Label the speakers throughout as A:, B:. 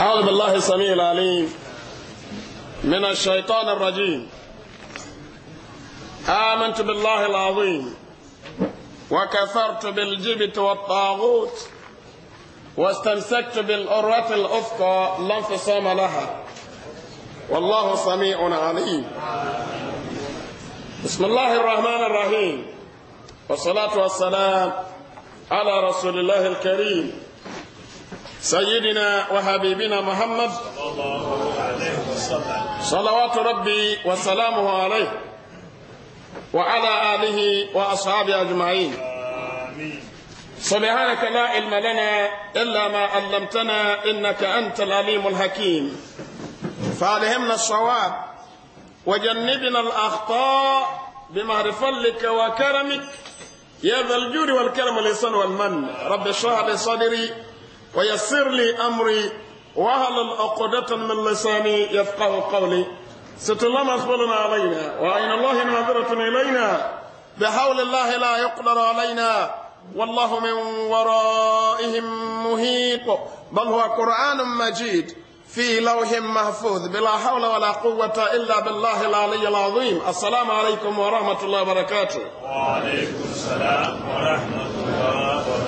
A: أعوذ بالله السميع العليم من الشيطان الرجيم آمنت بالله العظيم وكفرت بالجبت والطاغوت واستمسكت بالأروة الأفقى لا انفصام لها والله سميع عليم بسم الله الرحمن الرحيم والصلاة والسلام على رسول الله الكريم سيدنا وحبيبنا محمد صلوات ربي وسلامه عليه وعلى آله وأصحابه أجمعين سبحانك لا علم لنا إلا ما علمتنا إنك أنت العليم الحكيم فعلهمنا الصواب وجنبنا الأخطاء بمهر فلك وكرمك يا ذا الجود والكرم والإحسان والمن رب اشرح لي صدري ويسر لي أمري وهل الأقدة من لساني يفقه قولي ست الله مقبول علينا وعين الله ناظرة إلينا بحول الله لا يقدر علينا والله من ورائهم مهيق بل هو قرآن مجيد في لوح محفوظ بلا حول ولا قوة إلا بالله العلي العظيم السلام عليكم ورحمة الله وبركاته وعليكم
B: السلام ورحمة الله
A: وبركاته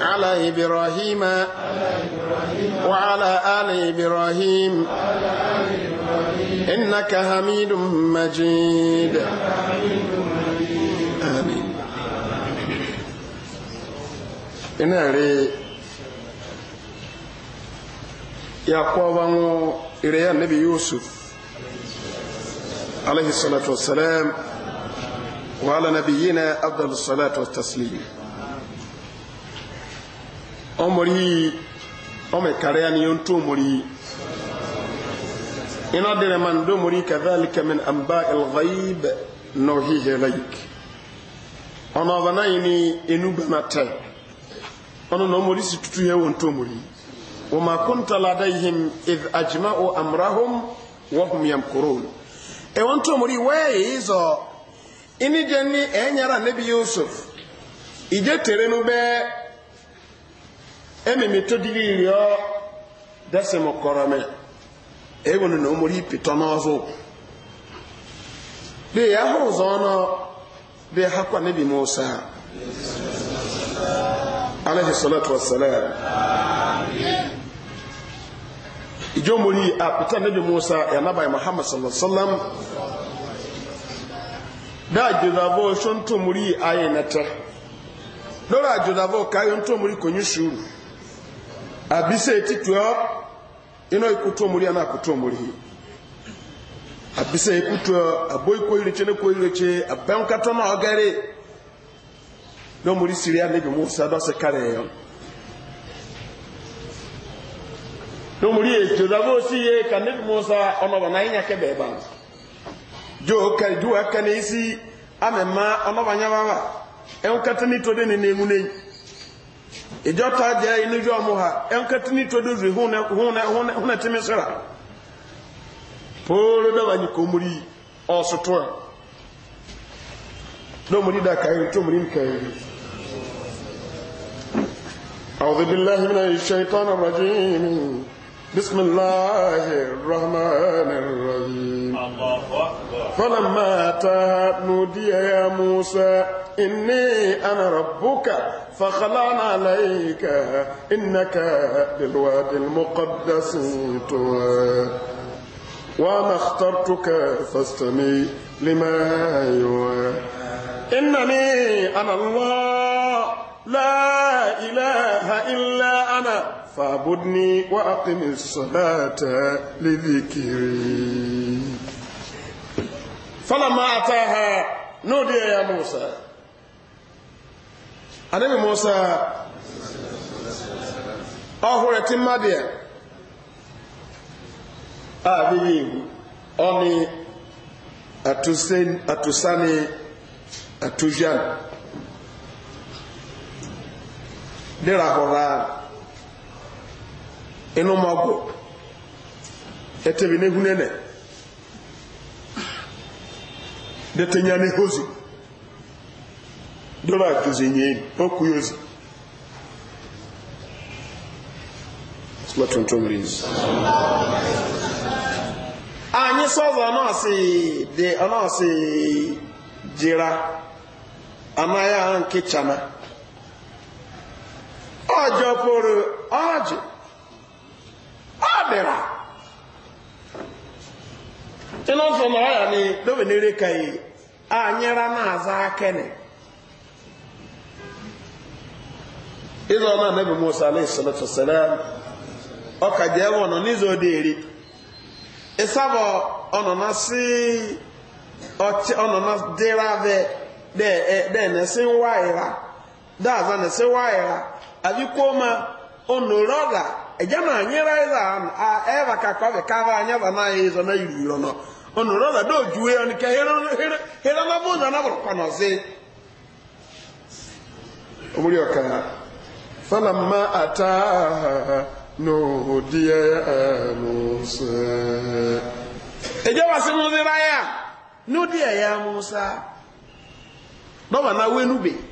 A: على إبراهيم وعلى آل إبراهيم إنك حميد مجيد آمين يا قوم إلى النبي يوسف عليه الصلاة والسلام وعلى نبينا أفضل الصلاة والتسليم omori ome kare ani yonto omori ina dire man do mori kadhalika min amba'il ghaib nuhihi ilayk ona bana ini enu bana te ona no mori situtu ye wonto omori wama kunta ladayhim idh ajma'u amrahum wa hum yamkurun e wonto omori we izo ini jenni e nabi yusuf ije terenu be ememe to dịghị rịọ desim kọrọ m enwere na omori pitọ n'ọzọ dị ya hụ ụzọ ọnụ dị ha kwa nebi musa alaihi salatu wassalam ijo mori a pita nebi musa ya nabai muhammad sallallahu alaihi wasallam da jodavo shon to mori ayi na ta lora jodavo kayon to mori konyi shuru Abise etitwa ino ikutu omuli ana akutu omuli abisa ikutu aboyi koyireche ne koyireche abankatɔ na ɔgɛre ne omuli siria ne bi musa dɔse kare yɛ ne omuli eto dabo si ye ka ne bi musa ɔnɔba na yinya kɛ bɛɛ ban jo kari duwa kane isi amema ɔnɔba nyababa ɛnkata ni to de ne ne ŋune ijɔta deɛ inu jɔ mu ha ɛnkatini todozi huna huna huna huna timi sira pooro dɔba nyi komori ɔsotoa dɔmori da kairi tomori kairi أعوذ بالله من الشيطان الرجيم بسم الله الرحمن الرحيم الله أكبر فلما أتى نودي يا موسى إني أنا ربك فخلعنا عليك إنك بالواد المقدس طوى وأنا اخترتك فاستمي لما يوى إنني أنا الله لا إله إلا أنا فاعبدني وأقم الصلاة لذكري فلما أتاها نودي يا موسى النبي موسى أهورة مدين أبيه أني أتسن أتساني أتجان dira hɔraa enum agɔ ɛtɛbi ne hune nɛ dɛtɛnya ne hozi dɔla atuze nyeen ɔku yozi sula tuntum riz anyi sɔzɔ ɔnɔɔsi de ɔnɔɔsi jira anaya anke ọjọpụrụ ọjị ọ dịra ịnọsọ na ọya na dobenere ka yi anyịra na-aza akene ịzọ na anabi musa alayhi salatu wasalam ọ ka ji ebe ọnọ n'izu ọ dịrị ịsabọ ọnọ na si ọnọ na dịra dị dị e, na-esi nwa ịra dị aza na-esi nwa ịra abikoma onoroga ejama anyira ila a eva kakove kava anyava na izo na yiro no onoroga do juwe on ke hero hero na boza na bor konoze omuri okana falamma ata no dia musa ejawa simu ziraya no dia ya musa baba na wenube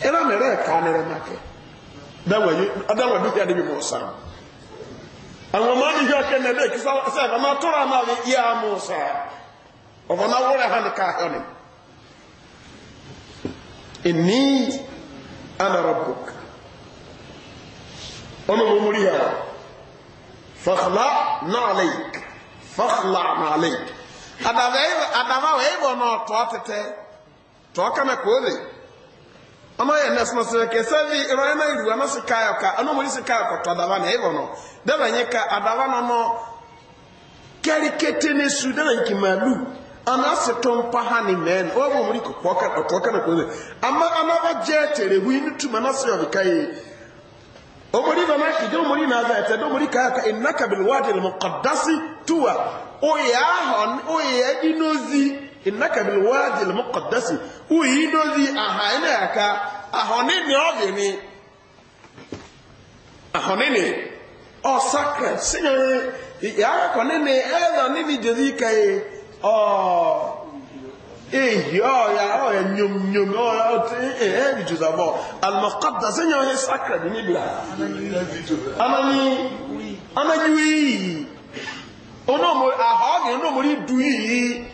A: era mere ka nere make dawa yi adawa bi ya de bi musa àwọn ma ni yo ke ne be ki sa se ba ma tora ma bi ya musa o ba na wore han ka hone inni ana rabbuk ono mo muri ha fakhla na alayk fakhla na alayk adawa adawa we bo no to tete to ka me ko ama yɛ nɛs nɔsɛ kɛsɛ bi rɔyɛ na yiri ana sika yɛ ka ana omori sika yɛ kɔtɔ adaba na ebɔ no dɛbɛ nye ka adaba no no kɛri kete ne su dɛbɛ nke maalu ana asɛ tɔn paha ne mɛn o bɛ omori kɔkɔ ka kɔtɔ ka na kɔ ne ama ana ba gyɛ tere hui ne ma na sɛ ɔbi ka ye omori bɛ na ke de omori na azɛ ɛtɛ de omori ka yɛ ka ena kabili wa de lɛ mo kɔdasi tuwa o yɛ ahɔ ɛdi n'ozi. innaka bil wadi al muqaddas uyidozi ahaina aka ahonene odini ahonene o sacred sinyere ya konene ezo nini jezi kai o ehi ọya ọya nyomnyom ọya otu ehe bijuza bọ almakadda senya onye sakra dị n'ibira anani anani wiyi ono ọmọ ahọ ọ ga-enye du iyi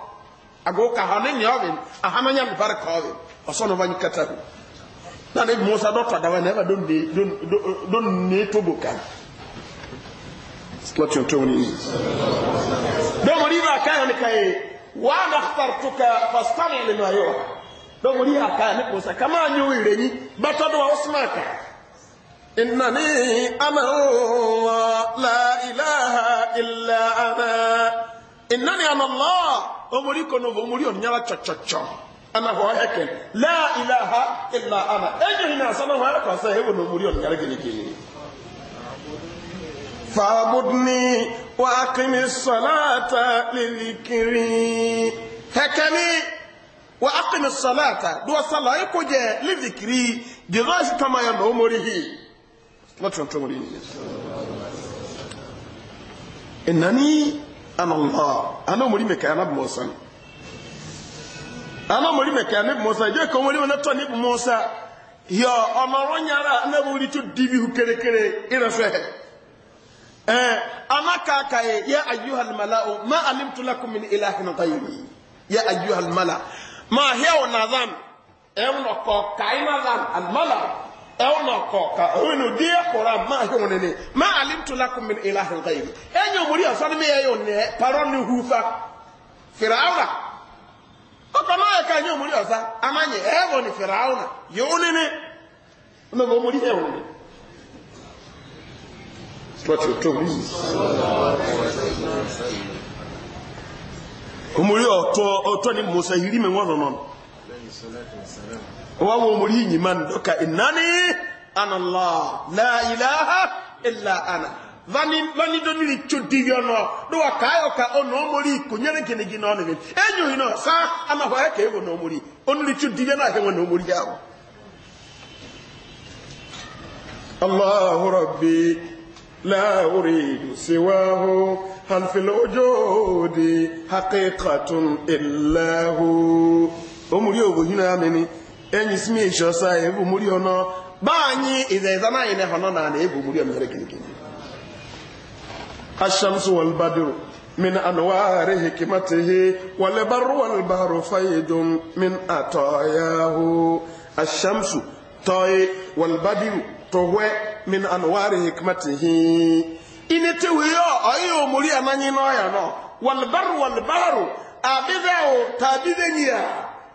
A: agoka ha ne nyɔbi ahamanya bi bari kɔɔbi ɔsɔnna ba nyikata bi na ne musa dɔ tɔ dawa ne ba do ne do e, do ne tobo kan lɔ tuntun wuli ni dɔnku ni ba kan ne ka ye waa na fartu ka fasitani yɛlɛ na yɔ dɔnku ni a kan ne ko sa kama an y'o yɛrɛ ni bata dɔ aw suma kan إنني أنا الله لا إله إلا أنا ìnáni àlọ́lá omori kò náà omori òníyàrá tsọ̀tsọ̀tsọ̀ ana hɔ hɛkɛ laa ilaha illa ana enyo yi na asana hɔ ɛkɔ sɛ ewu na omori òníyàrá gẹlẹgẹlẹ. fàbùdùnì wà á kìíní sọláàtà lílì kiri hɛkɛni wà á kìíní sọláàtà duwasala ekò jɛ lílì kiri jìnnà kama yà na omori ìnáni ana Allah ana muri me kana Musa ana muri me kana Musa je ko muri wona to ni Musa yo onoro nyara na buri to dibi hu kere kere ira fe eh ana ka ka ya ayyuhal mala'u ma alimtu lakum min ilahin ghayri ya ayyuhal mala ma hiya wa nazam e wono ko kaina zam al mala ẹwọn ọkọọka ọkọ ni òdi ẹkọrọ àmà ahẹwọn nìní má alintula kùnmin ìlà ahẹnkà yìí ẹnyẹ òmùrí ọsán mi yẹ yọ nẹ parọ ni hufa fìràwùrà ọkọ náà yẹ ká ẹnyẹ òmùrí ọsán amányẹ ọtọ ọtọ ni wawo muri nyiman doka innani ana allah la ilaha illa ana vani vani doniri chudiyo no do wakayo ka ono muri kunyere gine gine ono ni enyu ino sa ama kwa yake ego no muri oniri chudiyo na hewa no muri yawo الله ربي لا أريد سواه هل في الوجود حقيقة إلا هو أمري أبو هنا مني enyi simi eshi ọsa ebu muri ọnọ ba anyị ize ize na anyị na-ehọ nọ na ebu muri ọmịrị kirikiri ashamsu wal badiru min anwari hikimatihi wal barru wal bahru faydun min atayahu ashamsu toy wal badiru tohwe min anwari hikmatihi inete wiyo ayo muri ananyi no ya no wal barru wal bahru abize o tabize nyia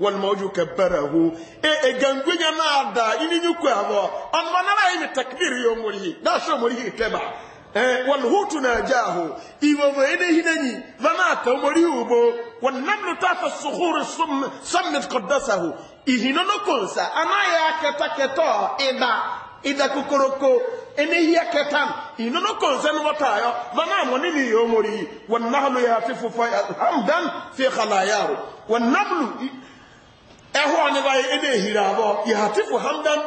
A: والموج كبره إيه اغنغنا إيه، نادا اني نكو ابو أما وانا لا تكبير يوم لي دا شو مري تبع إيه، والهوت ناجاه ايو ويده هنني فما بو والنمل تاف الصخور الصم سمت قدسه إيه نكونسا أنا يا كتا كتا إذا إذا كوكوروكو إني يا كتان إهنا نكونسا نوتايا فما منين يومري والنهل يهتف حمدا في خلاياه والنبل ɛhɔ a ne ba yɛ ɛna ehiri abɔ yɛhatifo hamdan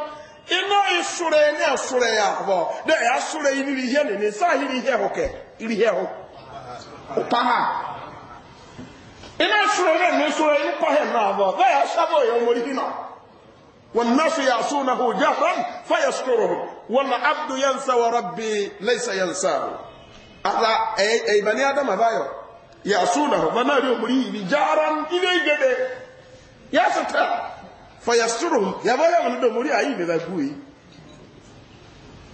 A: ina esore ne esore yɛ abɔ ne ɛyasore yi ni rihiɛ ne ne nsa yi rihiɛ hɔ kɛ rihiɛ hɔ ɔpama ina esore ne ne esore yi kɔhɛ na abɔ ne ɛyasabɔ yɛ ɔmɔri bi na والناس يعصونه جهرا فيستره والعبد ينسى وربي ليس ينساه هذا اي, أي بني ادم هذا يعصونه فما يؤمره جهرا الى جده yasuta fayasturu yaba yabona do muri ayi bebaguyi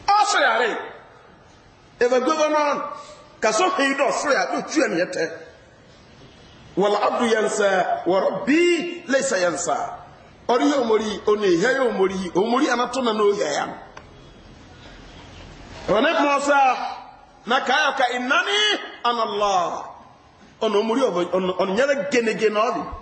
A: ɔsoro yare if a nɔn kaso so dɔ soro yare do tuya ya yɛtɛ wala abdu yansa wɔrɔ bii leisa yansa ɔri yɛ omori one ya yɛ omori omori anato na n'o yɛ yan ɔne na kaa ka inani anala ɔna omori ɔno nyɛrɛ genegene ɔbi.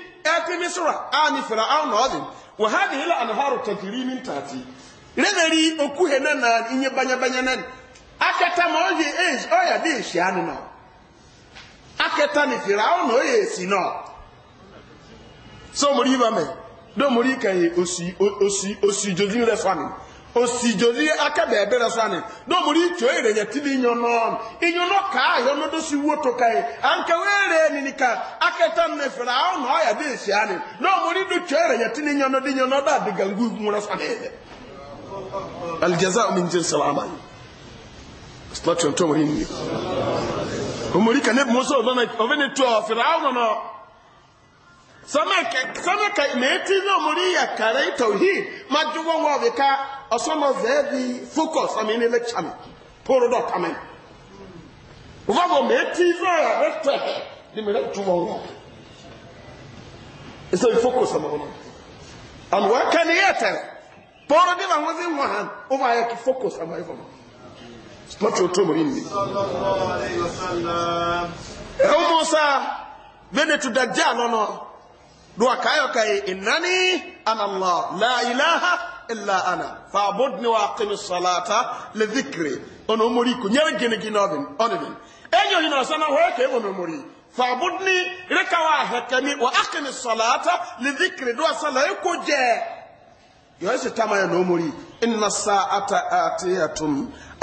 A: ẹkí mísírà á ní fìrà ha ní ilẹ̀ ànàhárò tẹ̀kìrì ní tààtì rẹ́dẹ̀rì na hẹ̀ banyabanya náà ma ọyẹ èyí ọyà dé èsì ànú náà akẹta ní fìrà á nà nọ so náà sọ osi osi osijoli akada ebere sani domuri tso ere yɛ tili nyɔnɔ inyɔnɔ kaa yɔnɔ do si woto ka ye anke were ninika akɛta ne fira awo na ɔya de esia ni domuri do tso ere yɛ tili nyɔnɔ di nyɔnɔ da di gangu ŋuna sani yɛ alijaza mi n jɛ salama ye silati o tɔmɔ yi ni kane muso ɔbɛ ne tɔ fira samaka meti no muri ya kare tauhid majuwa wa bika osomo zebi focus amini lecture me poro do tamen uvavo meti no ya rete ni mere tuwa wa so focus amona an wa kan yata poro di wa wazi wahan uva ya ki focus amai fomo not your tomb in me sallallahu alaihi wasallam e musa vene tudajja no no دوا كايو كاي انني انا الله لا اله الا انا فاعبدني واقم الصلاه لذكري انا مري كو نير جن جنوبن اونبن ايو هنا سنا هو كاي انا مري فاعبدني ركوا هكني واقم الصلاه لذكري دوا صلاه كو جه يوسف تما انا مري ان الساعه اتيه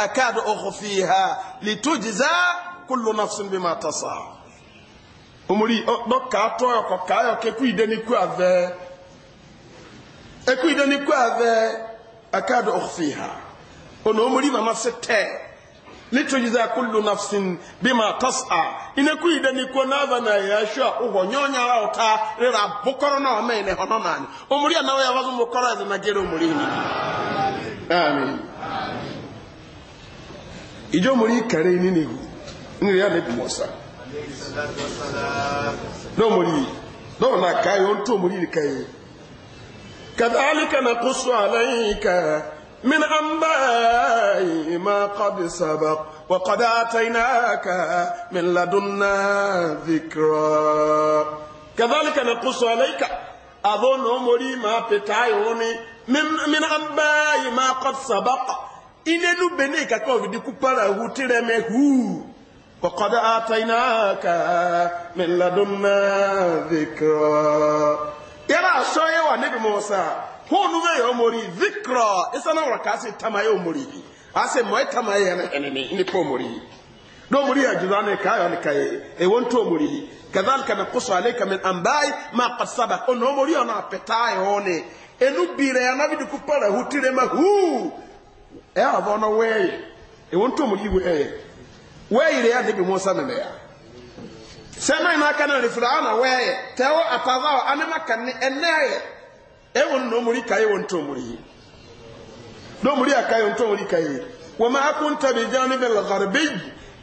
A: اكاد اخفيها لتجزى كل نفس بما تصنع omori dɔka atɔ ɔkɔ ka ayɔ k'eku yi de n'iku avɛ eku yi de n'iku ha ono omori mama se tɛ litujiza kullu nafsin bima tas'a ina ku ida ni ko na bana ya shua ugo nyonya wa uta rira bukoro na ome ne hono nani umuri na wa wazu bukoro za nagere umuri ni amen ijo muri kare ni ni ni ya ne musa n'omuli n'ona kayi ontu omuli kayi kadhalika nakusu alayka من أنباء ما قد سبق وقد آتيناك من لدنا ذكرا كذلك نقص عليك أظن أمري ما بتعيوني من, من أنباء ما قد سبق إنه بنيك كوفي دي كبارة هو ترمي هو وقد آتيناك من لدنا ذكرا يرى شوية ونبي موسى هو نوبي يوموري ذكرا إسانا وركاسي تما يوموري أسي موي تما يوموري نبو موري دو موري أجداني كايو نكاي إيوان تو موري كذلك نقص عليك من أنباء ما قد سبق أنه موري أنا أبتاي هوني إنو بيري أنا بدي كبارة هو تيري ما هو إيه أبونا وي إيوان تو موري وي weyire ya nabi musa na meya sɛma ina aka na refraana wɛɛyɛ tɛwo apavao ane maka ne ɛnɛɛyɛ ɛwo no nomuri kae wo ntomuri yi nomuri akae wo ntomuri kae وما كنت بجانب الغربي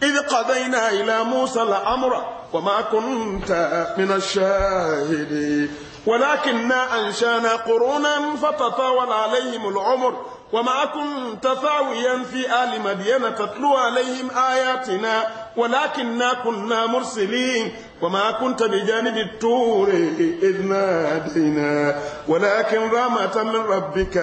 A: إذ قضينا إلى موسى الأمر وما كنت من الشاهدين ولكننا أنشانا قرونا فتطاول عليهم العمر وما كنت ثاويا في آل مدين تتلو عليهم آياتنا ولكننا كنا مرسلين وما كنت بجانب التور إذ نادينا ولكن رامة من ربك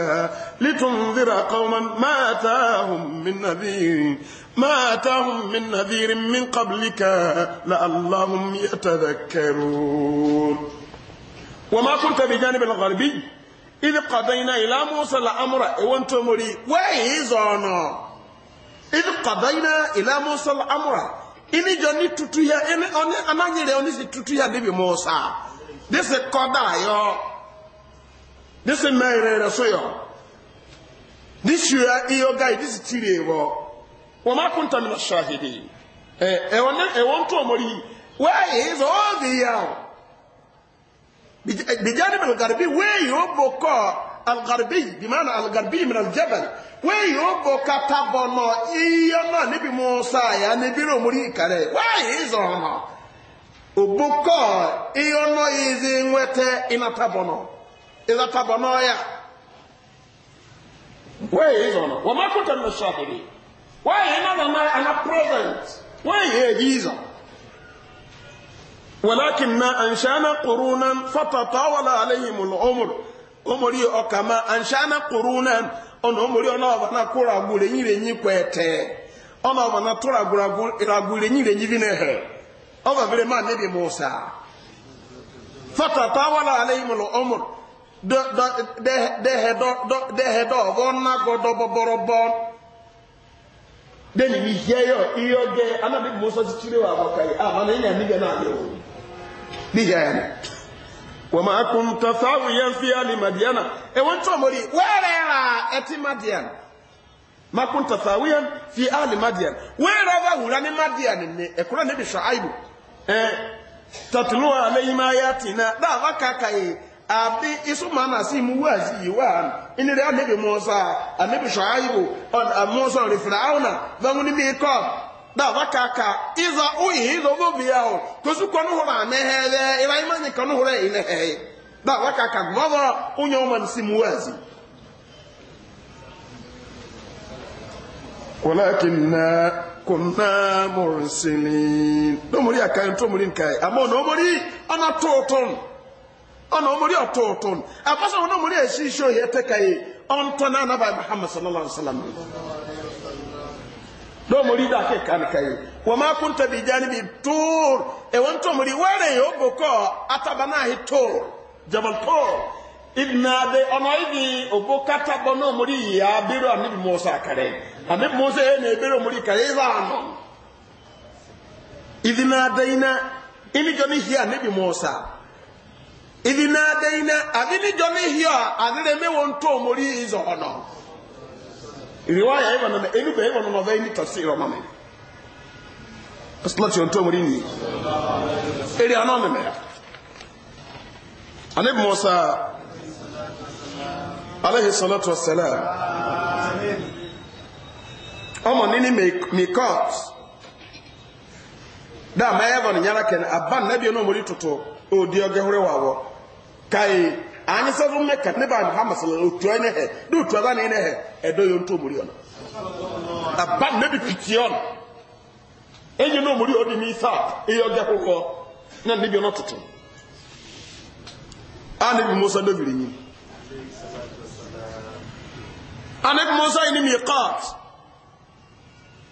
A: لتنذر قوما ما أتاهم من نذير ما أتاهم من نذير من قبلك لعلهم يتذكرون وما كنت بجانب الغربي إذ قضينا إلى موسى الأمر إوان تمري وإيزانا إذ قضينا إلى موسى الأمر إني جاني تتويا إني أني أنا نيري أني ستتويا دبي موسى This is Koda, yo. This is Mary Rasoyo. This you are your guy, this is Tiri Evo. Wama kunta mina shahidi. Eh, eh, eh, eh, eh, eh, eh, eh, بجانب الغربي ويوبوكا الغربي بمعنى الغربي من الجبل ويوبوكا تابونو إيانا نبي موسى يا نبي رومري كاري ويزونا وبوكا إيانا إذن وتا إنا تابونو إذا تابونو يا ويزونا وما كنت من الشاكرين ويانا أنا present ويزونا ولكننا أنشأنا قرونا فتطاول عليهم العمر omori ọkama anshana qurunan ọna omori ọna ọba na kụrụ agbụrụ enyi renyi kwete ọna ọba na tụrụ agbụrụ agbụrụ na renyi ọ n'ehe ma nebi musa fata tawala deni musa níjà yẹn wọ́n máa kún tọ́fà wùyẹn fi àlè màdìyànà ẹ̀wọ̀n tó mọ̀rí wẹ́rẹ̀ rà ẹtí màdìyàn máa kún tọ́fà wùyẹn fi àlè màdìyàn wẹ́rẹ̀ bá wùrà ní màdìyàn ní ẹ̀kúrẹ́ níbi sọ àìbù ẹ̀ tọ́tùlù àlẹ́yìn máa yá tì náà dáa wá kàkà yìí àbí ìsúnmọ́ náà sí ìmú wá sí ìwà ìnira ànẹ́bì mọ́sá ànẹ́bì sọ àìbù àmọ́sọ̀ rẹ̀ áwùnà báwọn dava kaka iza uyi iza obobi ahụ kosuko nuhura amehere ila imanyi ka nuhura inehe dava kaka gvovo unye oman simuwezi walakinna kunna mursilin domori aka nto muri nkai amo no mori ana toton ana mori ototon esi na na ba muhammad sallallahu do mori da ke kan kai wa ma kunta bi janibi tur e won to mori ware yo boko atabana hi tur jabal tur ibna de onoidi oboka tabono mori ya biro anibi musa kare anibi musa e ne biro mori kare zano idina daina ini joni hi anibi musa idina daina abini joni hi a adire me won to mori izo ono riwaya ya na enu na nova ni tafsir o mame aslati on to ni eri ya Anịbu musa alayhi salatu wassalam ọmọ nini mikot da ma eba ni nyara ken aban nabi no muri tutu odi oge anyị sọ fún mẹka níbà muhammad sọlọ otu ẹni hẹ ní otu ẹba na ị na-ehe, yóò tó omori ọnà aba nebi pìtì ọnà ẹyẹ ní omori ọdí ní isa ẹyẹ ọjà kókọ na níbi ọ̀nà tuntun anabi musa david yìí anabi musa yìí ni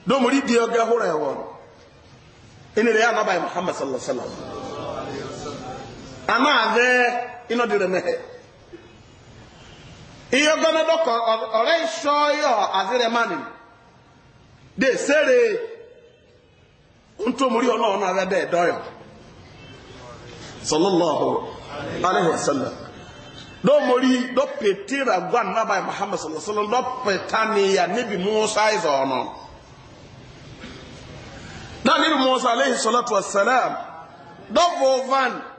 A: na omori di ọjà hóró ẹwọ ẹni ino dire mehe iyo gana doko ore isho yo azire mani de sere unto muri ono ono abe be doyo sallallahu alaihi wasallam do mori do petira gwan nabai muhammad sallallahu alaihi wasallam do petani ya nabi musa izo ono na nabi musa alaihi salatu wassalam do vovan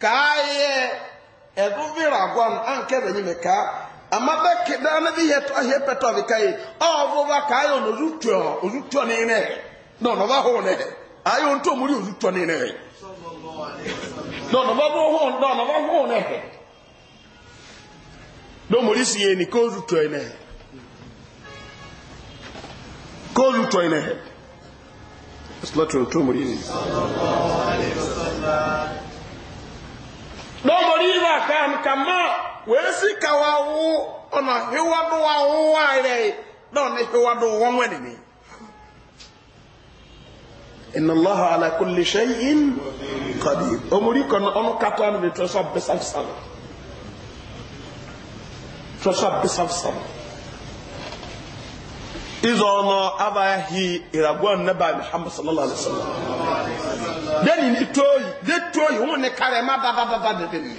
A: kaayɛ ɛduvira agwam anke benyi me ka amabe keda na bi yɛtɔ ahɛ pɛtɔ bi ka yi ɔvova kaayɛ ɔno ozutɔ ozutɔ ne nɛ na ɔno ba ho nɛ ayɛ ɔntɔ mu ni ozutɔ ne nɛ na ɔno ba ho na ɔno ba ho nɛ na ɔmo ni si yɛ ni ko ozutɔ nɛ ko ozutɔ nɛ. dɔbɔli yira kan kama wɛsi kawa wo ɔnà hiwa do wa wo wa yɛrɛ ye dɔwɔni hiwa do wɔn wɛ nini. inna allah ala kulli shay'in qadir omuri kan ono katan ni to so besal sal to so besal sal izo no abahi iragwan nabi muhammad sallallahu alaihi wasallam deni ni toyi de toyi wọn ni kare ma ba ba ba ba de ni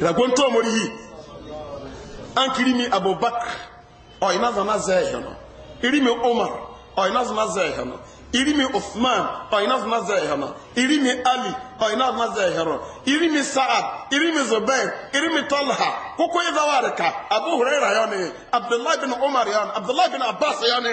A: ìràgbó ń tó omori yìí ankiri mi abubakar ọ̀yìnà zama zẹ́ẹ̀hẹ̀ nọ iri mi umar ọ̀yìnà zama zẹ́ẹ̀hẹ̀ nọ iri mi usman ọ̀yìnà zama zẹ́ẹ̀hẹ̀ nọ iri mi ali ọ̀yìnà zama zẹ́ẹ̀hẹ̀ nọ iri mi saad iri mi zubair iri mi tolha kókó yìí bá wà rẹ̀ abu Hurayra, yọ ni abdullahi bin umar yọ ni abdullahi bin abbas yọ ni.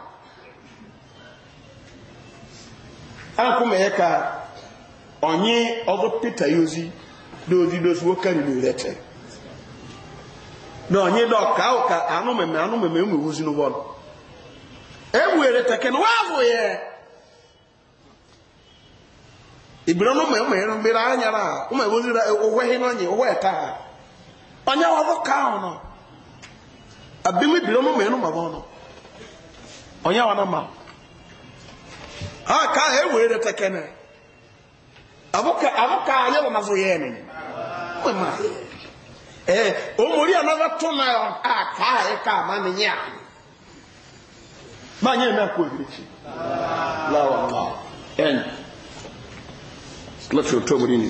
A: ankụma ya ka onye ọgụ pita ya ozi dozi dozi nwoke riri rete na onye dị ọka ahụ ka anụ meme anụ meme ụmụ ozi n'ụbọ e were teken wazụ ya ibiro no meme meme mbere anyara ụmụ ozi ra ụwa ihe n'onye ụwa eta ha onye ọzọ ka ahụ nọ Abimi abim ibiro no meme mabọ nọ onye ọ na ma aka ahụ ewere tekene abụka anyị bụ mazụ ya ee omori tụ na aka ahụ ka ama n'inye a banye eme akwa o. lawa lawa omori ni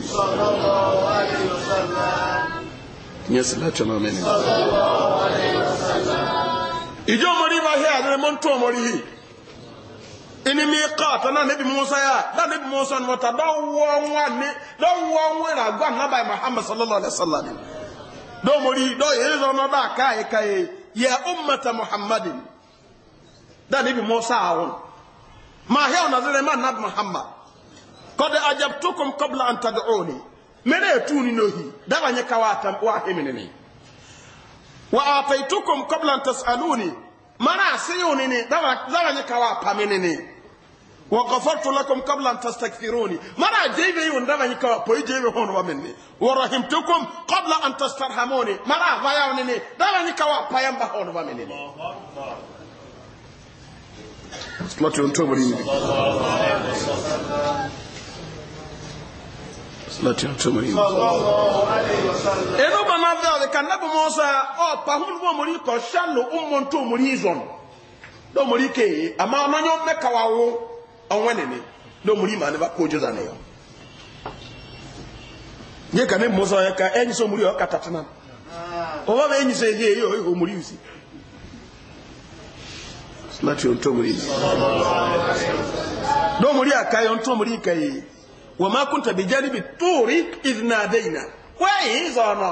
A: nyẹ sí láti ọmọ mẹ́rin omori bá hẹ́ àdúrà mọ́ ń tó omori ini mi kaata na nebi musa ya na nebi musa ni wata don wɔn wa ne don wɔn wa na gba naba muhammad sallallahu alaihi wa sallam don mori don yɛ zɔn ba ka ye ka ye ya ummata muhammadin da nebi musa awon ma hɛ ona zere ma nabi muhammad kɔdi ajabtukum kɔbla an tad'uni mene etu ni nohi daba nye ka wa tam wa hemene ne wa ataitukum kɔbla an tas'aluni mana ase yi ni. ne daba nye ka wa pamene ne. وغفرت لكم قبل أن تستكثروني مرا جيبي وندبا هيكا بوي جيبي هون ومني ورحمتكم قبل أن تسترحموني مرا فايا ونني دبا هيكا وبايا مبا هون ومني صلاة ينتو مريني صلاة ينتو مريني إنو بنا ذا ذكا نبو موسى أو بحون ومري كشان لأمون تو مريزون دو مريكي أما أنا يوم مكاواو ɔnwɛ nene na omuri ma ne ba kɔ ojoza ne yɔ nye ka ne musa yɛ ka ɛnyi sɛ omuri yɛ ɔka tatena ɔba bɛ so sɛ yɛ yɛ yɛ omuri yusi láti ohun tó múrí dómúrí àkáyọ ohun tó múrí kẹyì wọ́n máa kún tàbí jẹ́ níbi tóòrí ìdínà àdéyìnà wẹ́yìn ìzọ̀ ọ̀nà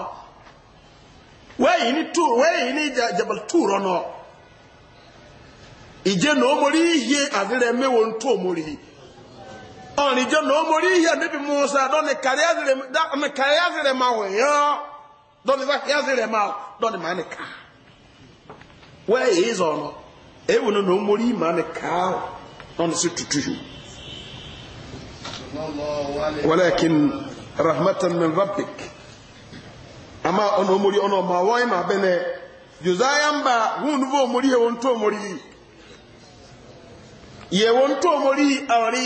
A: wẹ́yìn ní jabal tóòrọ̀ náà ije na omori ihe azịrị emewo ntu omori ọrịa ije na omori ihe nebi musa dọni karịa azịrị ma wụ ya dọni zahịa azịrị ma dọni ma nịka wee ya ịzọ ọnụ ewu na omori ma nịka ahụ dọni si tutu yu walakin rahmatan min rabbik ama ọnụ omori ọnụ ọma wọnyị ma bene josiah mba hụ nuvo omori ewu ntu omori yewo nto muri awari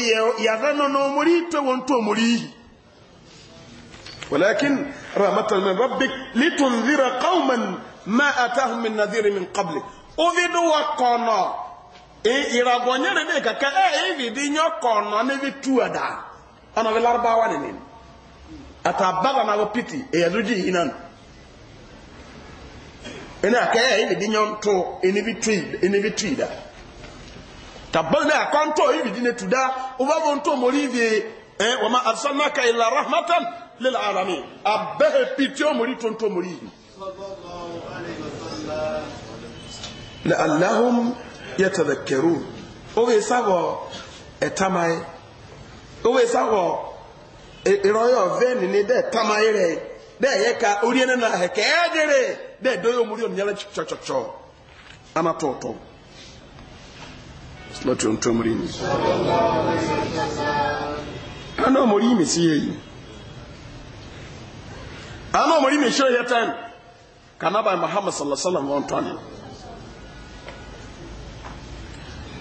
A: yadhano no muri to wonto muri ولكن رحمة من ربك لتنذر قوما ما أتاهم من نذير من قبل أذن وقنا إيراغوني ربك كأي في دين يقنا نبي تودا أنا في الأربعة وانين أتابغا ما وبيتي إيزوجي هنان إنا كأي في دين يقنا نبي تودا tabbana ya kwanto hivi dine tuda ubabu nto morivi eh wama arsalnaka illa rahmatan lil alamin abehe pitio morito nto morivi la'allahum yatadhakkarun owe sago etamai owe sago iroyo e, veni ni de tamai re de yeka oriene na heke ejere de doyo muri onyala chochocho ana toto slọtì ohun tó mú rí mi. aná ọmọ rí mi sí èyí aná ọmọ rí mi ṣe yẹ tán kanaba muhammad sallallahu alaihi wa sallam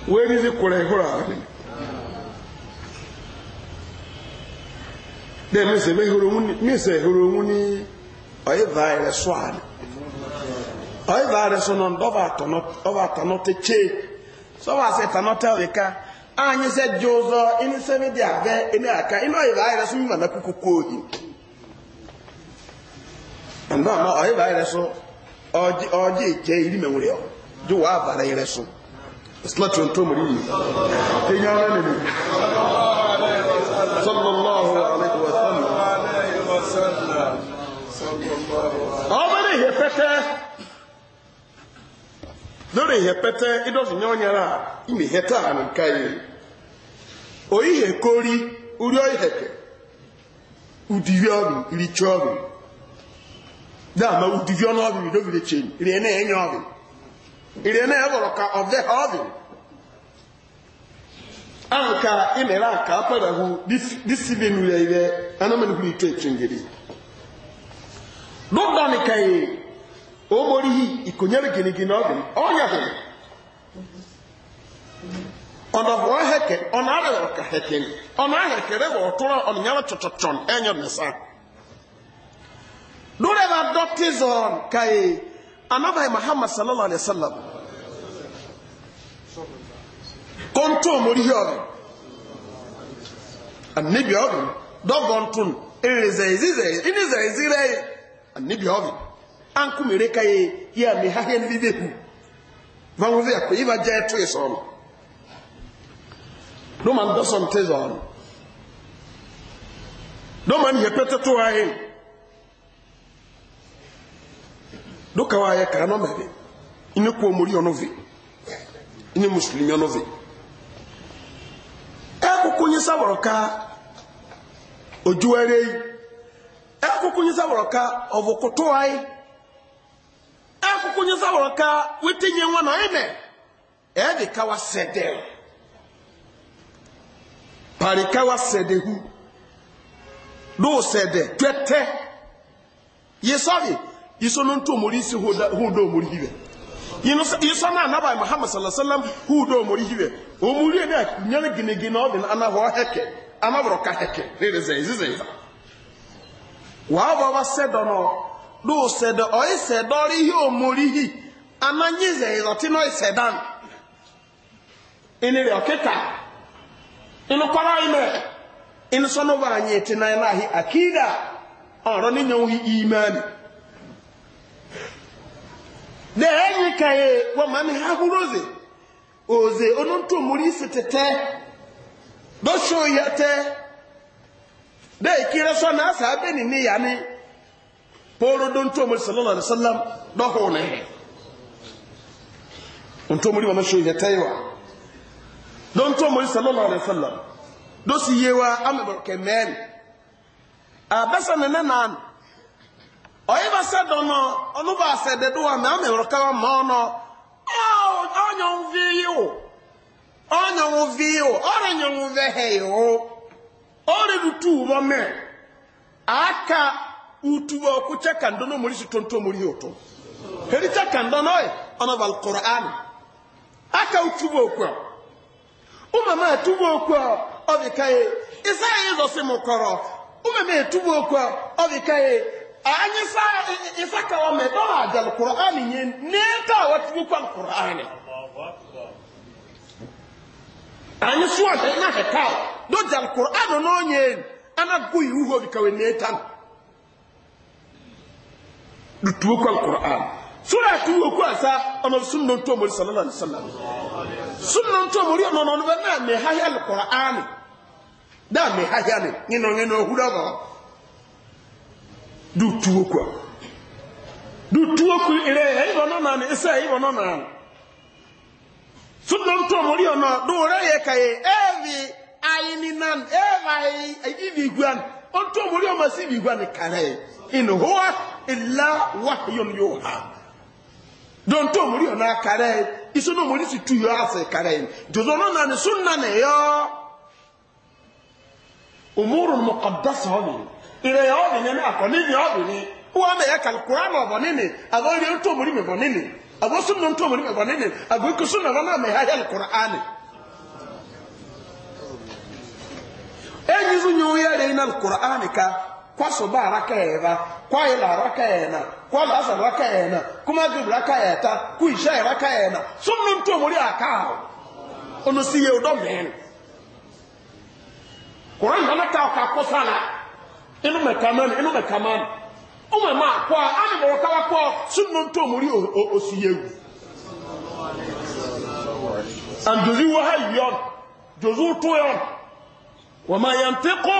A: wọ́n rí rí kúrẹ́ ìhóra rẹ̀. dɛ ne sɛ mehoro mu ni ne sɛ horo mu ni ɔyɛ vaa yɛrɛ so a ɔyɛ vaa yɛrɛ so no ɔba atɔ no ɔba atɔ so wa se tanota weka anyi se jozo ini se me dia be ini aka ino iba ire so mi mana kukuko yi and ba ma o iba ire so oji oji je iri me wure o ju wa bara ire so islat on to muri te nya na ni sallallahu alaihi wasallam sallallahu alaihi wasallam sallallahu alaihi wasallam lórí ìhẹpẹtẹ ìdọ̀sùn ní ọ̀nyára ìmì hẹta àmì káyé òyìhẹ kórí orí ọ̀yẹ̀kẹ̀ udìrí ọ̀rù ìrìchí ọ̀rù dáàmà ọrụ ọ̀nà ọ̀rù ìdóbìrì chèyí ìrìn na-enye ọrụ. ìrìn na ẹ̀bọ̀rọ̀ ka ọ̀vẹ́ ọ̀rù ànkà ìmẹ̀rẹ̀ ànkà apẹ̀rẹ̀ hù dísìbì nù rẹ̀ rẹ̀ anamọ̀ nìkú ìtọ́ ìtúngèrè lọ́dọ̀ o morihi ikonyere gịnị gini ọdụ ọnya hụrụ ọnọbụ ọ na-arịọ ka hekere ọ na-ahekere bụ ọtụrụ ọnyara chọchọchọn enyo nesa lórí ẹ̀rọ adọ́tizọ̀n kàyé anábàáyé muhammad sallallahu anibi anibi anku mereka ye ya mihahia nilidehu vangu vyako iva jaye tuye sono noma ndoso mtezo wano noma niyepete tu wae duka wae kano mebe ini kuwa muri onovi ini muslimi onovi ka woroka ojuwerei ekukunyisa ka ovukutu wae kwenye zawara ka wetinye nwa na eme ede kawa sede pari kawa sede hu N'o sede tete ye sorry iso no nto mori hu do mori hiwe yino iso na anaba muhammad sallallahu alaihi hu do mori hiwe Omuri muri na nyere ginigi na odin ana ho heke ama ka heke rere wa ba ba sedo do sedo oyi sedori ihe omorihi amanyize izoti no isedan inere okita inu kwara ime inu sono ba anyi tina ilahi akida oro ni nyon hi imani de enyi kaye wo mami ha huroze oze onu ntu omori sitete do shoyete de ikire na asa abeni ni ya ni poro don to mu sallallahu alaihi wasallam do ko ne on to mu ri ma so taywa taiwa don to mu sallallahu alaihi wasallam do si yewa amabo kemen abasa ne nanan oyi e ba se do no onu ba se de do ma me ro ka ma no o onyo vi yo onyo vi yo oranyo vi he yo ore du tu ba me aka utuwa kucha kando no muri sitonto muri oto heri cha kando no qur'an aka utuwa kwa uma ma tuwa kwa obikaye isa yezo simukoro uma me tuwa kwa sa isa ka wa me do ajal qur'an nyen neta watu kwa qur'an anyi suwa na hekao do jal qur'an no nyen ana guyi uho bikawe netan dutuo kwa alquran sura tuwo kwa sa ono sunno to mo sallallahu alaihi wasallam sunno to mo ri ono no na me ha ya alquran da me ha ya ni no ba dutuo kwa dutuo ku ire e no na ni isa e bo na sunno ono do re ye evi nan ayi gwan mo ri in huwa illa wahyun yuha don to muri ona kare iso no muri situ yo ase kare jozo no na ne sunna ne yo umurun muqaddasa hobi ire yo ne ne akoni ni hobi ni wa me ya kal qur'an wa bonini abo ri to muri me bonini abo sunna to muri me bonini abo ku sunna na me ha al qur'an enyizu nyu ya re na qur'an ka kwasuba rakaena kwaila rakaena kwalasa rakaena kumagrib rakaeta kuisha rakaena sunnu ntu muri akao ono siye odo men Quran dana ta ka kosala inu mekaman inu mekaman umma ma kwa ani bo kawa kwa sunnu ntu muri osiyewu anjozi wa hayyon jozu tuyon wama yantiqu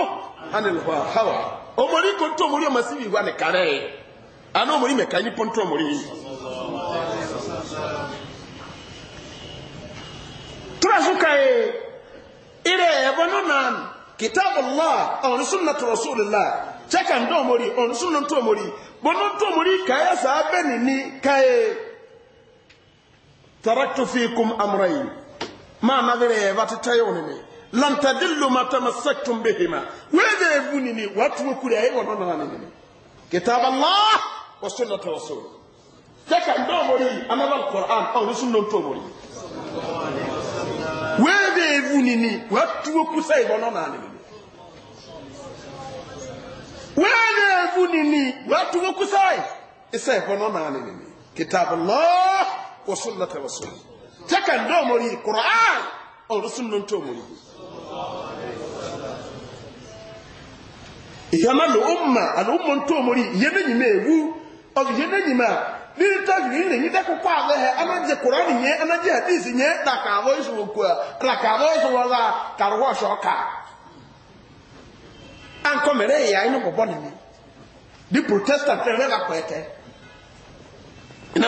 A: anil hawa omori ko nto omori omasibi wa ne kare ana omori meka nyi ponto omori nyi turazuka e ire ebono nan kitabullah on sunnatu rasulillah cheka ndo omori on sunna nto omori bono nto omori kaya sa beni ni kae taraktu fikum amrayn ma nadire batitayo nene lan tadillu ma tamassaktum bihima wede bunini watu wokuri ayi wono na nani kitab allah wa sunnat rasul taka ndo mori amaba alquran aw rasul non to mori wede bunini watu wokusa ayi wono na nani wede bunini watu wokusa ayi isa wono na nani kitab allah wa sunnat rasul taka ndo quran aw rasul non to ìyàmà lò umma na àlò ó mọ̀ ntó mọ̀ rí ìyẹn n'enyim ewu ọ̀sùn ìyẹn n'enyim a níbi tájùrì ní èyí dẹ́kọ̀kọ́ àlẹ́ hẹ anájẹ kùránì yẹn anájẹ àdìsí yẹn dàkàwọ́ ìṣòwò kù ẹ̀ dàkàwọ́ ìṣòwò ọ̀la kàrọ̀wọ́ ọ̀ṣọ́ ọ̀ka. à ń kọ́ mẹ́rẹ́ ìyá inú di protestant iná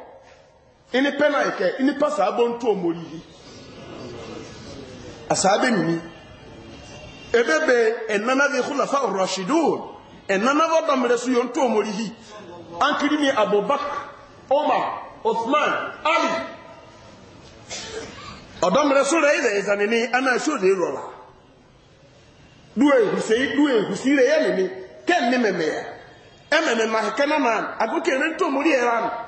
A: ini pɛ na kɛ ini pa saa bɔ ntu omori yi asaabe mini ebe be ɛnana de kulafa rashidun ɛnana bɔ damere so yɔ ntu omori yi ankiri ni abubakar omar osman ali ɔdamere so rɛ yɛ ɛzani ni ana so de rɔla duwe ehusi duwe ehusi rɛ yɛ nini kɛ ne mɛmɛ yɛ ɛmɛmɛ ma kɛ nana agoke ne ntu omori yɛ ra no.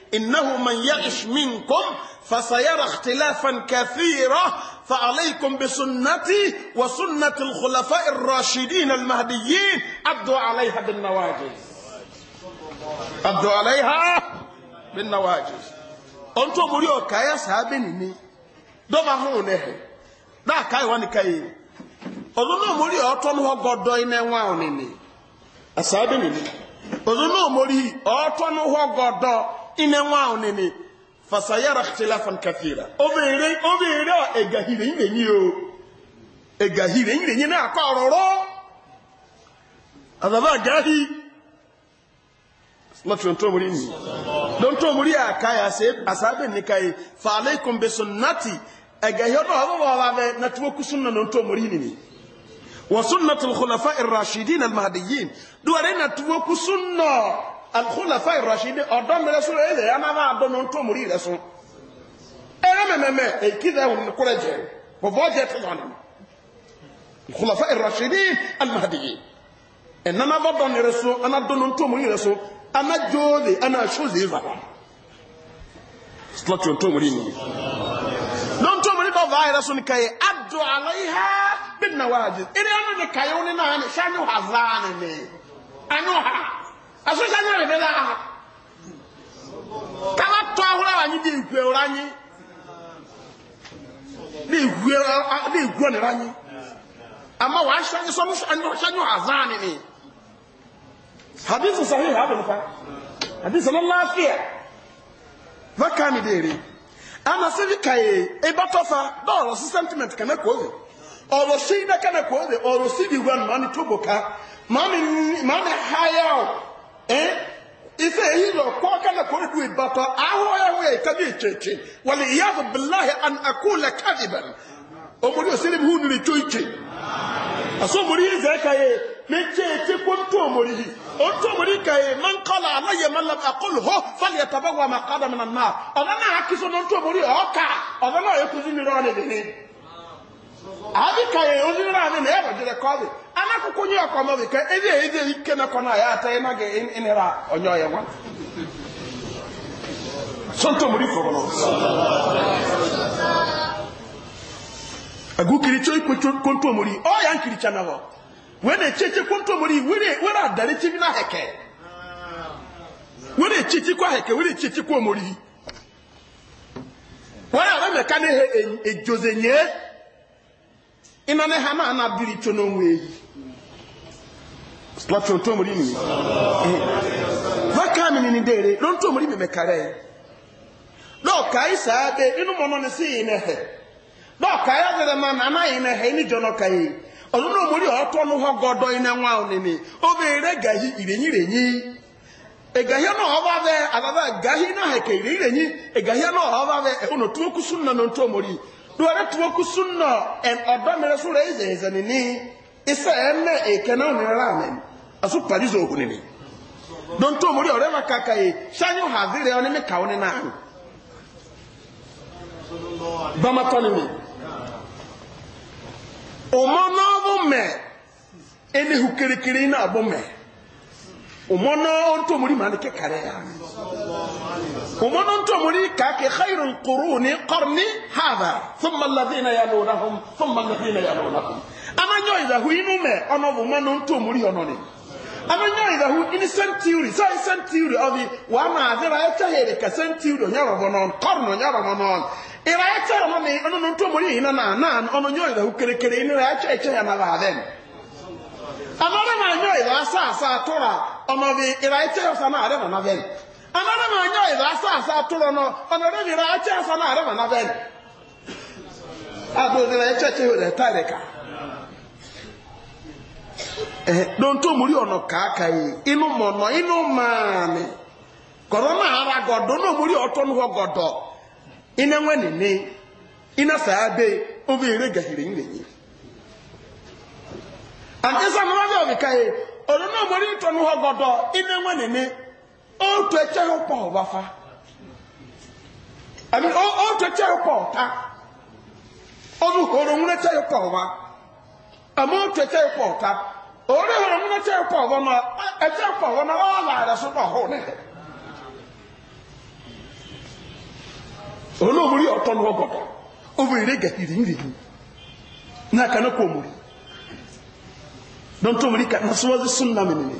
A: إنه من يعش منكم فسيرى اختلافا كثيرا فعليكم بسنتي وسنة الخلفاء الراشدين المهديين أبدوا عليها بالنواجذ أبدوا عليها بالنواجذ أنتم بريو كايا سابيني دوما هونه دا كاي واني كاي أظن مريو أطول هو قدوي نواني أسابيني أظن مريو أطول هو قدوين ina nwa onene fasayara ikhtilafan kathira obere obere egahire nyenye o egahire nyenye na akororo azaba gahi lati on to muri ni don to muri aka ya se asabe ni kai fa alaikum bi sunnati egahiro abo baba be na tuwo kusunna don to muri ni wa sunnatul khulafa'ir rashidin al mahdiyyin duare na tuwo kusunna الخلفاء الراشدين أدم رسول الله أنا ما أدم أنتم مري رسول أنا إيه، ما ما ما إيه، كذا من كل جهة وفوجة الخلفاء الراشدين المهديين إنما أدم رسول أنا أدم أنتم مري رسول أنا جودي أنا شو زيفا سلطة أنتم مري مني أنتم مري بفاي رسول كي أدعو عليها بالنواجد إني أنا كيوني نعاني شانو هزاني أنا أنا asosɛ nyɛ bebe la aha kaba tɔ ahorow anyi de ehu ɛwura anyi de ehu ɛwura de ehu ɛnira anyi ama w'ahyɛ anyi sɔmu ɛnɔhyɛ anyi azan nini hadisi sahi ha bɛn fa hadisi sɛ laafiya baka mi de ere ama sebi ka ye ebatɔ fa dɔwɔrɔ si sentiment kana k'o ye ɔrɔ si ne kana k'o ye ɔrɔ si di wa maa ni tobo ka maa mi maa mi haya o. Eh? ife hilo kwa kana kwa kwa ibapa aho ya we kabi cheche wali yadhu billahi an akula kadiban omuri osiri hunu ni choiche aso muri zeka ye mecheche kwa mtu omuri hi mtu omuri ka ye man qala alayya man lam aqul hu falyatabawa maqada min an-nar ana na hakiso mtu omuri oka ana na yekuzini rani bihi abikaye onye na anị na-ebajere kọzi anakwụkwọ onye ọkọ mọbi ka ezi ezi ike nakọ na ya ata ịna gị ịnịra onye ọya nwa sọntọ mụrụ ifo mụrụ agụ kiricha ikwecha kwonto mụrụ ọya nkiricha na bọ wee na-echeche kwonto mụrụ were adara echebi na heke were echechikwa heke were echechikwa omori were aremeka na ejozenye e, imane ha na na biri cho no nwe yi slatro to muri mi vaka mi ni dere don to muri mi me kare do kai sa be eh, inu mo no ne si ne he do kai ma na na ne he ni jono kai onu no muri nwa o ni gahi irenyi renyi egahi na ọba gahi na he ke irenyi egahi na ọba be e onu tu na no duwara tuwo kusunna en ọdọ mere su rẹ nini isa ene eke na onire ramen asu parizo oku nini don to mori ọrẹ maka aka e, yi shanyu hazire ọni mika oni na ahụ bamatọ nini ụmụ n'ọbụ mee enihu kirikiri na abụ mee ụmụ n'ọtọ mori ma ke kekare ya ahụ ومن تمري كاك خير القرون قرني هذا ثم الذين يلونهم ثم الذين يلونهم أنا نيو إذا هو إنما أنا ومن تمري أنني أنا نيو إذا هو إن سنتيوري ساي سنتيوري أبي وأنا أذير أتهير كسنتيوري نيرا بنون قرن نيرا بنون إذا أتهير أنا أنا تمري إن أنا أنا أنا نيو إذا هو كري كري إن إذا أتهير أنا بعدين أنا ما نيو إذا سا سا ترى أنا في إذا أتهير سنا أنا بعدين anara ma anya ịza asa asa atụrụ nọ ọnụ rebiri acha asa na arama na ben adụrịra eche eche hụrụ tari ka donto e, muri ka aka yi inú mọ nọ inú maami kọrọ na ara gọdọ na omuri ọtọ nụ gọdọ ina nwe nini ina saa be obi ire gahiri nrenyi akesa mmadụ ọbịka yi ọrụ na omuri ọtọ nụ gọdọ ina nwe nini otu echeghị pọl bafa otu echeghị pọl taa ọnụ hụrụ nwere echeghị pọl ama otu echeghị pọl taa ore hụrụ nwere echeghị pọl ba ma echeghị pọl ba ma ọ laara so na ọhụụ na ono omuri ọtọ n'ọgọdọ obìnrin gẹ̀kìrì omuri omuri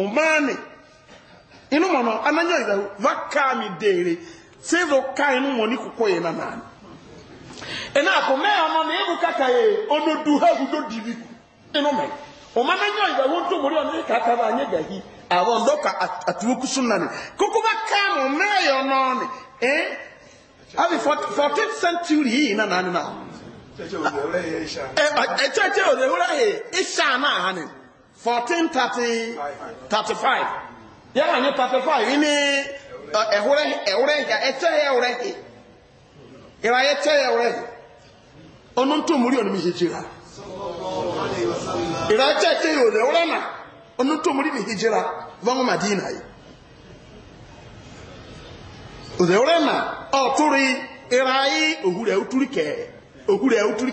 A: umani inu mɔnɔ ananyɔ yi la va kaa mi deere sezo ka inu mɔni koko yi nana ena ko mɛ ɔnɔ ne ebu kaka ye ono du hehu do dibi inu mɛ ɔmɔ ananyɔ yi wo do mori ɔni kaka ba nye gahi awɔ ndo ka atuwo kusu nani koko va kaa mo mɛ yɔ nɔɔni ɛn abi fourteenth century yi nana ni na. ɛkyɛkyɛ o de wura ye isa naa hanin. 1435 yàrá ní 35 yìí ní ẹ̀wúrẹ́ ẹ̀wúrẹ́ ẹ̀tẹ́ ẹ̀wúrẹ́ ìrà ẹ̀tẹ́ ẹ̀wúrẹ́ ọ̀nà tó múrí ọ̀nà mìhìjìrà ìrà ẹ̀tẹ́ ẹ̀tẹ́ ẹ̀wúrẹ́ nà madina yìí ọ̀dẹ̀wúrẹ́ nà ọ̀túrí ìrà ayé òhúrẹ̀ òtúrí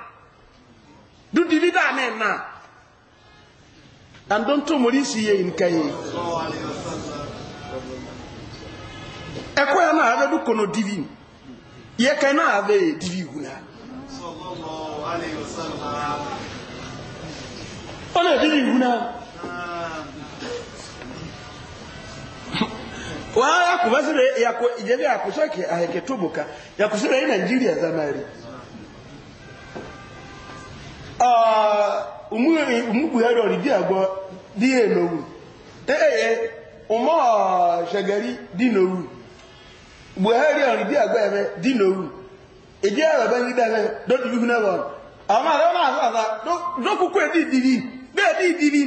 A: du dibi da ne na and don to mori si ye nka ye ɛkɔ ya na abɛ du kono dibi yɛ kɛ na abɛ ye dibi wuna ɔna dibi wuna wa ya kubasire ya ko ijebi akusake aheke tubuka ya kusire ina njiri ya zamari umugbuhari ọ̀rìdí àgbọ́ dí èlòwù tẹ́ẹ̀yẹ ụmọ́ ṣẹ̀gẹ̀rí dínòwù buhari ọ̀rìdí àgbọ́ ẹ̀mẹ́ dínòwù èdè ẹ̀rọ̀bẹ́ ní dẹ́rẹ́ dọ́dí ihu nẹ́wọ̀n àwọn àrẹ ọ̀nà àzọ́zà dókùkù èdè ìdìrí bẹ́ẹ̀dì ìdìrí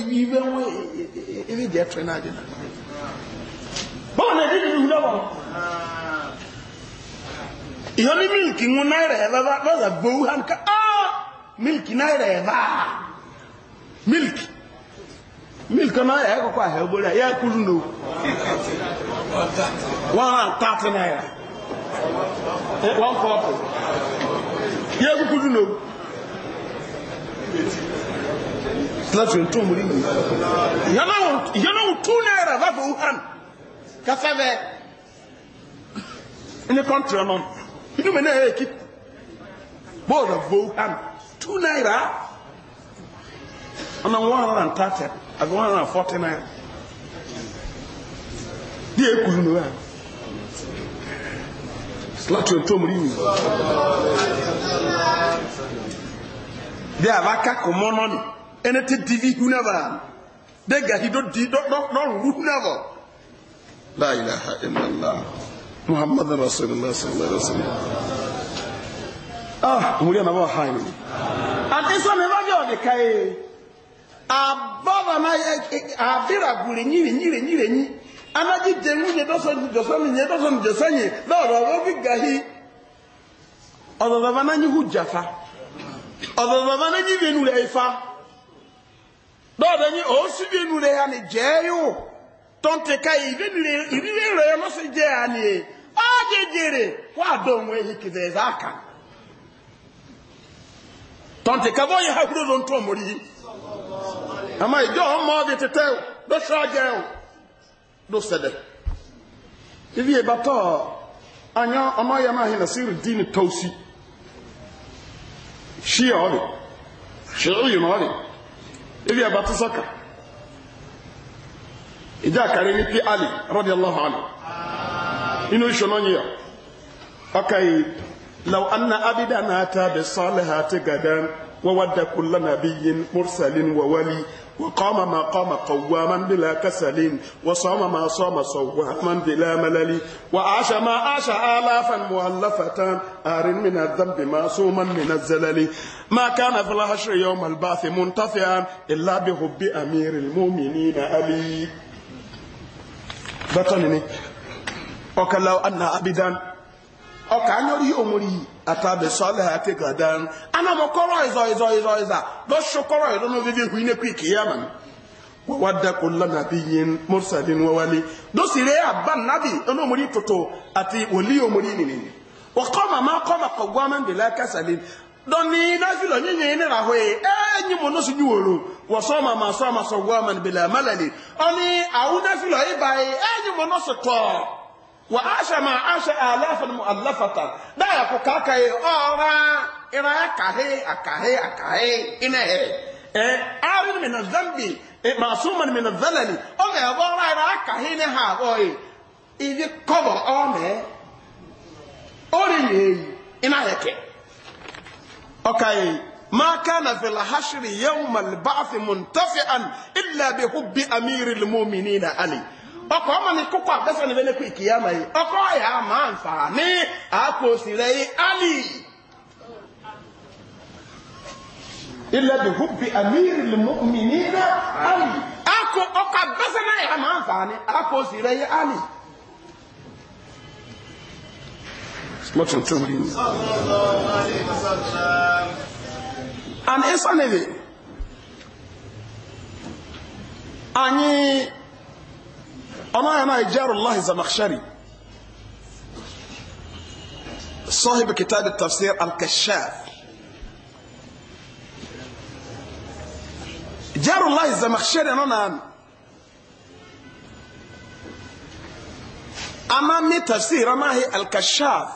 A: ebe ihu ẹwọ́ ewé jẹ́ tẹ́ náà milki naira ẹ̀bá milki milki náà ẹ̀ kọ́kọ́ àhẹ́ ogbó rẹ̀ kúrú nù one and thirty naira one kọ́ọ̀pù yẹ́ kúrú nù láti ohun tó múrí nìí yánáwó tú náírà lábò wuhan kásáfẹ́ ní kọ́ntì ọ̀nà inú mi náà yẹ́ kí bóòdù of wuhan two naira and then 130 and 149 di ekwuru n'ụwa láti ọ̀tọ́ mú nínú bí a bá kákò mọ́ náà ni ẹni tí dìbí húnàbà muhammadu rasulullah sallallahu omuli ah, amaba wahainu ate so mebajya odekaye ababana eh, eh, eh, abiragura enyi benyi benyi benyi anagidemu nyedosonyedosominyedosonijosonye lororo bigahi ododabana nyihujjafa ododabana nyibenule ifa dodenyi osibenule oh, yani jeyo tontekaye ibibenule yanosi jeyani ajejere ah, kwadonwe hikizeza akana tonte kabo ye ha kuro don to mori ama ijo on mo de tete do shaje o do sede ibi e bato anya ama ya ma hina sir din tausi shi ole shi yu no ole ibi e bato saka ija kare ni pi ali radiyallahu anhu inu shono nyi akai لو أن أبدا أتى بالصالحات غدا وود كل نبي مرسل وولي وقام ما قام قواما بلا كسل وصام ما صام صواما بلا ملل وعاش ما عاش آلافا مؤلفة آر من الذنب معصوما من الزلل ما كان في الحشر يوم البعث منتفئا إلا بحب أمير المؤمنين علي بطنني وكلاو أن أبدا ọkà anyọrọ ihe omori atabe sọlẹ ha te gadan ana mo kọrọ ịzọ ịzọ ịzọ ịza lọsọ kọrọ ịzọ n'ovivi hu inekwu ike ya ma wàwá dako lanabi yin mursalin wawali lọsire aba nabi ẹni omori toto àti wòlí omori nìyí wọkọ màmá kọ màkọ gbọmọdélá kásálí dɔnni nafilɔ nye nye ne la ho ye ɛɛ e, nye mo n'osu ju woro wɔsɔn ma ma sɔn ma sɔn guaman bela malali ɔni awu nafilɔ ye ba ye ɛɛ e, nye mo n'osu tɔɔ. وعاش ما عاش آلافا مؤلفة دا يقول كاكا أورا إرا كاهي أكاهي أكاهي إنهي إيه، عار من الذنب إيه، معصوما من الذلل أم يبورا إرا كاهي نها أوي إذا كبر أومي أوري هيك أوكي ما كان في الحشر يوم البعث منتفئا إلا بحب أمير المؤمنين علي ọkọ̀ ọmọ ni kókó àgbẹ́sẹ̀ ni bẹ́ẹ̀ kú ìkìyàmọ̀ yìí ọkọ̀ ọ̀yà máa ń fà ní àpò rẹ̀ yìí ali. ilẹ̀ bí hubbi amiri mi ní iná ali. ọkọ̀ àgbẹ́sẹ̀ náà yà máa ń fà ní àpò rẹ̀ yìí ali. mọ́tún tó rí ni. and ẹ sọ أنا أنا جار الله زمخشري صاحب كتاب التفسير الكشاف جار الله الزمخشري أنا نعم. أنا من تفسير أنا هي الكشاف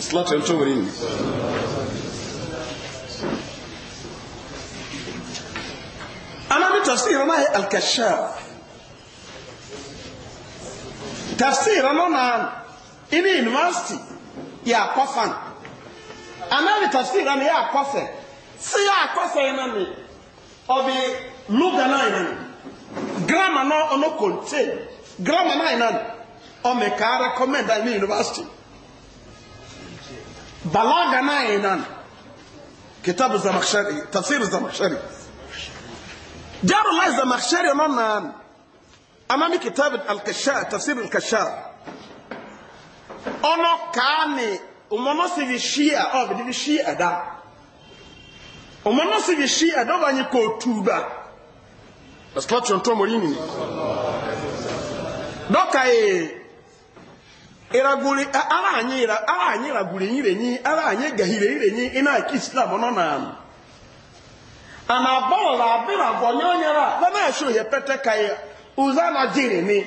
A: صلاة يوم أنا من تفسير ما الكشاف تفسير أنا نعم إني يونيفرسيتي يا كوفان أنا من تفسير أنا يا كوفان سي يا كوفان أنا أبي لغة أنا grammar no no contain grammar na ina o me ka recommend i mean university balaga na ina kitab zamakhshari tafsir zamakhshari دار الله الزمخشري امام امام كتاب الكشاف تفسير الكشاف ono kaani umono si bi shia o bi bi shia da umono si bi shia do banyi ko tuba aslatu nto morini doka e iraguri ara anyi ara anyi iraguri nyi renyi ara anyi gahire nyi ina ki islam ono na ana a abẹ́rẹ́ àgọ́nyẹ́ ọ̀nyẹ́rà lọ́nà ẹ̀ṣọ́ yẹ pẹ́tẹ́ káyẹ uzana jìrì ni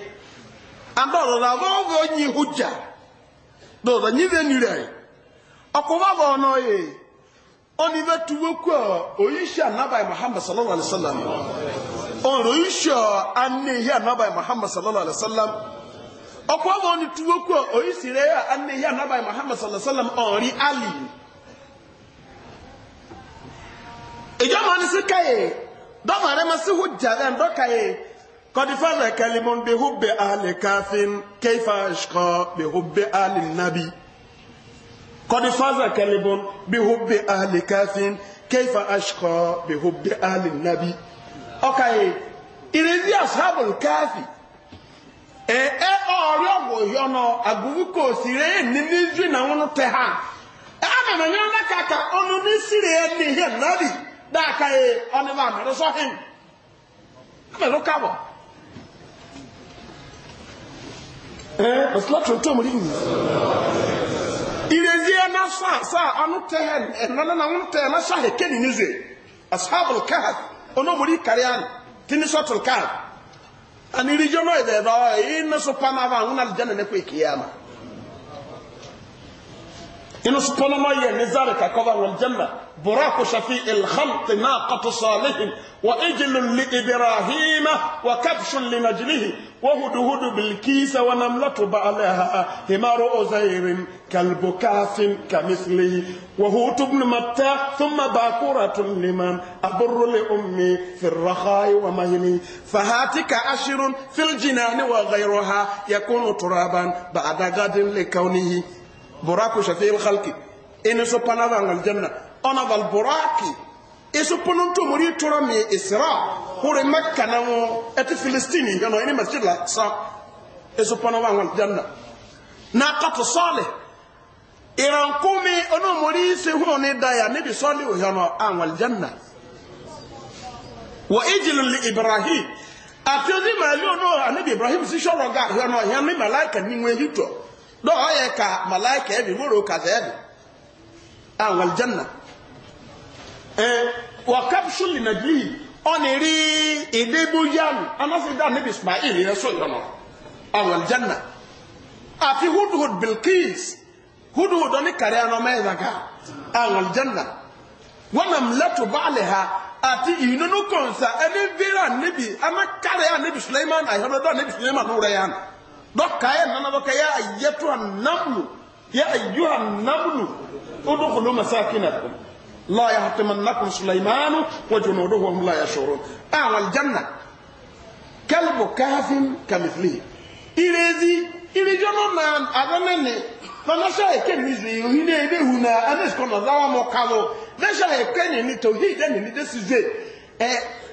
A: abọ́ọ̀lù abọ́ọ̀lù onye ihu jà dọ̀dọ̀ nire ọkụba bụ ọnụ oyi onibe tuwokwu a oyishi anabai muhammad sallallahu alaihi salam ọrụ oyishi annehi anabai muhammad salam bụ ọnụ tuwokwu a ya muhammad salam ali ìjọba ní sí káyè dọ́mà rẹ̀ máa sí hù jàdá ń dọ́kàyè kọ́dífà rẹ̀ kẹlẹ́mọ́ bí hù bẹ́ àlẹ́ káfíń kéfà ṣkọ́ bí hù bẹ́ àlẹ́ nàbí kọ́dífà rẹ̀ kẹlẹ́mọ́ bí hù bẹ́ àlẹ́ káfíń kéfà ṣkọ́ bí hù bẹ́ àlẹ́ nàbí. ọkàyè ìrètí àṣàbùn káfí ẹ ẹ ọrẹ ọgbọ yọnà agbóhùkọ òsìrè ní níjú ìnáwó tẹ ha ẹ á nàmẹ ní ọlọ́kàkà ọ̀nà ní sírí ẹ nìyẹn nàbí dáàka yẹ ọ̀nẹ́bà mẹ́rin sọ́hìn mẹ́rin kábọ̀ ẹ́ ọ̀sùlọ́tún tó mọ̀rí yìí ìrèzí ẹ̀ náà sá sá ọ̀nù tẹ̀ ẹ̀ ẹ̀nà náà ń tẹ̀ ẹ̀ náà sá hẹ̀kẹ́ nìyí zè asábùl káàd ọ̀nàmọ̀rí kàrí àná tìní sọ́tùl káàd àní ìrìjọ́ náà ẹ̀dẹ̀ ẹ̀dọ́ ẹ̀ yìí náà sọ pa náà bá àwọn alìjẹ́ إنه سبحانه ما ينزارك كبر والجنة براك شفيء الخلق ناقة صالح وإجل لإبراهيم وكبش لنجله وهدهد بالكيس ونملة بعلها همار أزير كالبكاس كمثله وهوت بن متى ثم باكورة لمن أبر لأمي في الرخاء ومهني فهاتك أشر في الجنان وغيرها يكون ترابا بعد غد لكونه buraku shafi'il khalqi ene so panada ngal janna ona bal buraki eso pono to mori tora me isra hore makka na mo et filistini ngano ene masjid la sa eso pono wa ngal janna na qat salih iran kumi ono mori se ho ne daya ne bi soli o yano angal janna wa ijlun li ibrahim ati ozi ma li ono anabi ibrahim si shoro ga yano yano malaika ni nwe hito dɔw yɛ ka malaika ɛbi muro kaza ɛbi a walijanna ɛɛ wa kapsuli nadiri ɔni ri edebo yanu anase da nebi ismail yɛ so yɔnɔ a walijanna àfi hudhud bilkis hudhud ɔni kari anɔ mɛ ɛdaga a walijanna wɔnam lɛtu baali ha àti ìnunu kɔnsa ɛni vera nebi ama kari a nebi suleiman ayɔdɔ da nebi suleiman wura yanu dɔkaayɛ nanabɔka yɛ ayɛtoa namlu yɛ ayuha namlu udukulu masakinakum la yahtimannakum sulaimanu wa junuduhu hum la yashurun awal janna kalbu kahfin kamithlihi irezi irijono na adanene fanasha eke mizi uhine ebe huna aneskono zawa mokalo vesha eke ni ni tauhid ni ni desize eh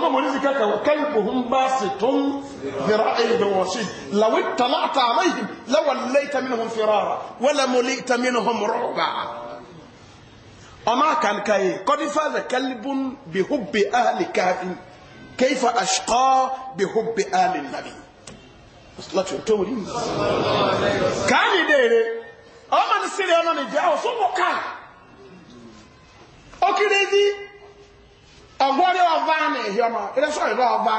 A: فما مولزي كاكا وكلبهم باسط برأي بن رشيد لو اتلعت عليهم لوليت منهم فرارا ولمليت منهم رعبا أما كان كاي قد فاز كلب بهب أهل أنا نجاو ọgbọ́rí ọba na ẹ̀hìọ́ ma ẹ̀rẹ́ sọ ẹ̀rọ ọba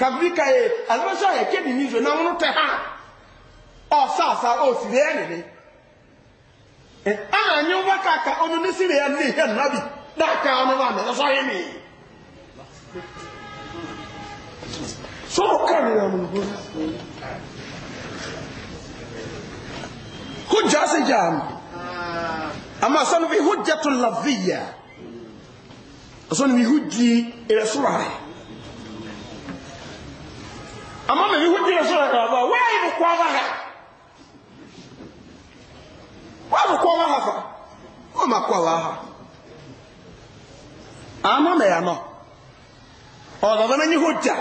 A: kàbíkà yẹ àlọ́sọ yẹ kéde nízo náà wọn tẹ ha ọ̀sàsà òsì rẹ̀ nìyẹn ẹ̀ ànyẹ wọn kàkà ọ̀nà ní sílẹ̀ yẹn ní ìhẹ́ nàbì dáka ọ̀nà wà mẹ́rẹ́ sọ yẹ nìyẹn. sọ̀rọ̀ kàní nà mọ̀ nìyẹn. hujja sí jàm àmà sọ́nù bí hujja tún làbíyà. asọ́ni mi hu di ìrẹsọ́ra rẹ̀ àmọ́ mi hu di ìrẹsọ́ra rẹ̀ kàwá wáyé mi kọ́ ọ́nà rẹ̀ wáyé mi kọ́ ha fa fà wọ́n nọ ọ̀rọ̀ bàbá mi hu jà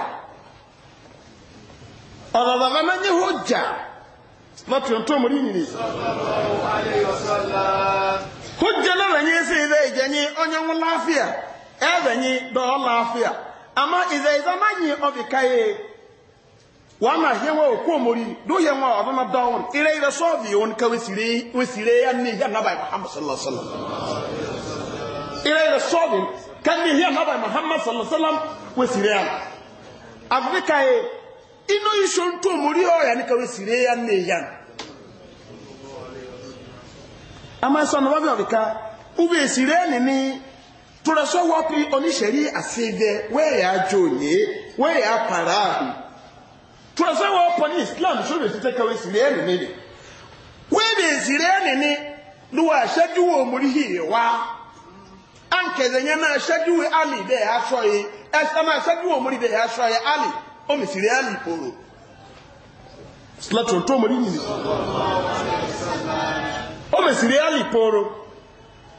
A: ọ̀rọ̀ bàbá mi hu jà na ɛbɛnyi dɔɔ laafia ama ìzɛyìzɛ má nyi ɔfi ka yie wàá ma hiɛ wọn omori dó yẹ wọn ɔbɛ ma ire ìrɛ ìrɛ sɔɔfi wọn ká wesire wesire ya ní hiɛ naba sallallahu alaihi wa sallam ìrɛ ìrɛ sɔɔfi ká ní hiɛ ka yie omori ɔyà ní tụrọsọ wọpị onisheri asịdị wee ya ajọ onye wee ya para ahụ tụrọsọ wọpụ onye islam sọrọ etite kawe siri enu nini wee na-eziri enu ni lụwa ahyadịwo omurihi ịwa ankezenye na ahyadịwo ali dị ya asọghị ẹsẹ máa ṣẹ́jú òmórí bẹ̀rẹ̀ aṣọ ayẹ alì omìsìrí alì pòrò slọ́tún tó mọ̀rí nìyí omìsìrí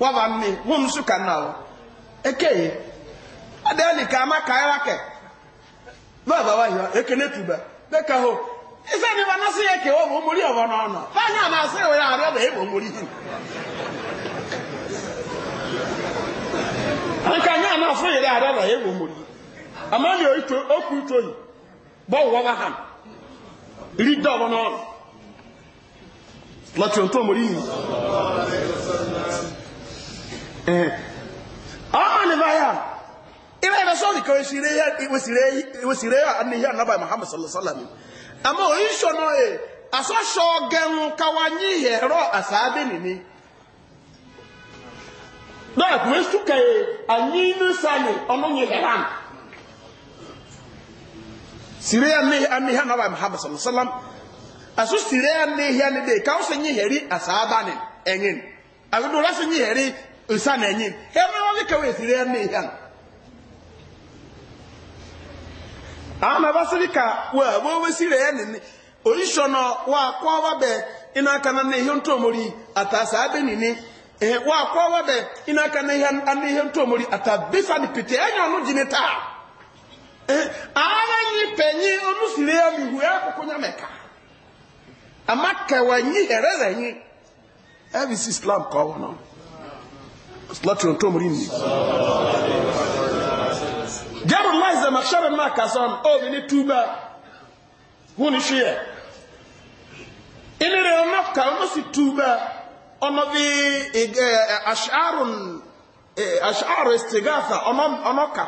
A: waba mmi mum so ka na wo ekeye ada ni ka ma kai wake baba wa yo ekene tuba be ka ho isa ni bana se yake wo mo no no na na se we ari obo e mo muri an ka nya na e mo ama ni yi bo wo han ri do no ọmọ ní báyà ìwé ìrẹsọ́ nìkan ìwòsìrè àníyàn nàbà muhammad sallallahu àmọ́ oríṣọ́ náà ẹ̀ asọ́ṣọ́ gẹrun káwa ní ẹ̀rọ àsáábẹ̀ nìní náà kùnrin súnkẹ̀ àyí ní sani ọmọnyẹ hẹ̀rán sìrè àníyàn nàbà muhammad sallallahu asu sìrè àníyàn nìde káwọ́sẹ̀ ní hẹ̀rí àsáábẹ̀ nìní ẹ̀yìn àgbẹ̀dọ̀ lọ́sẹ̀ ní hẹ̀rí nsa na enyim emewa bi kawa e esiri ya nne ya ama basiri ka wa bo besiri ya nne oyisho no wa kwa wa be ina kana ne ihe ntomori atasa abe nini eh wa kwa wa be ina kana ihe na ihe ntomori bifa ni pete enyo no jini ta Ee ara ni penyi onu siri ya mi ya akukunya meka amaka nyi nyi herere nyi ebi islam ka ọ nọ látìrò tó mú rí nìyí jẹ́rù láìsẹ̀ mọ̀ṣẹ́rẹ̀ máa kàsán òbí ní túbà hún ní ṣíyẹ̀ inú rẹ̀ ọmọ Ono ọmọ sí túbà ọmọ bí aṣáàrù ìsìgáfà ọmọkà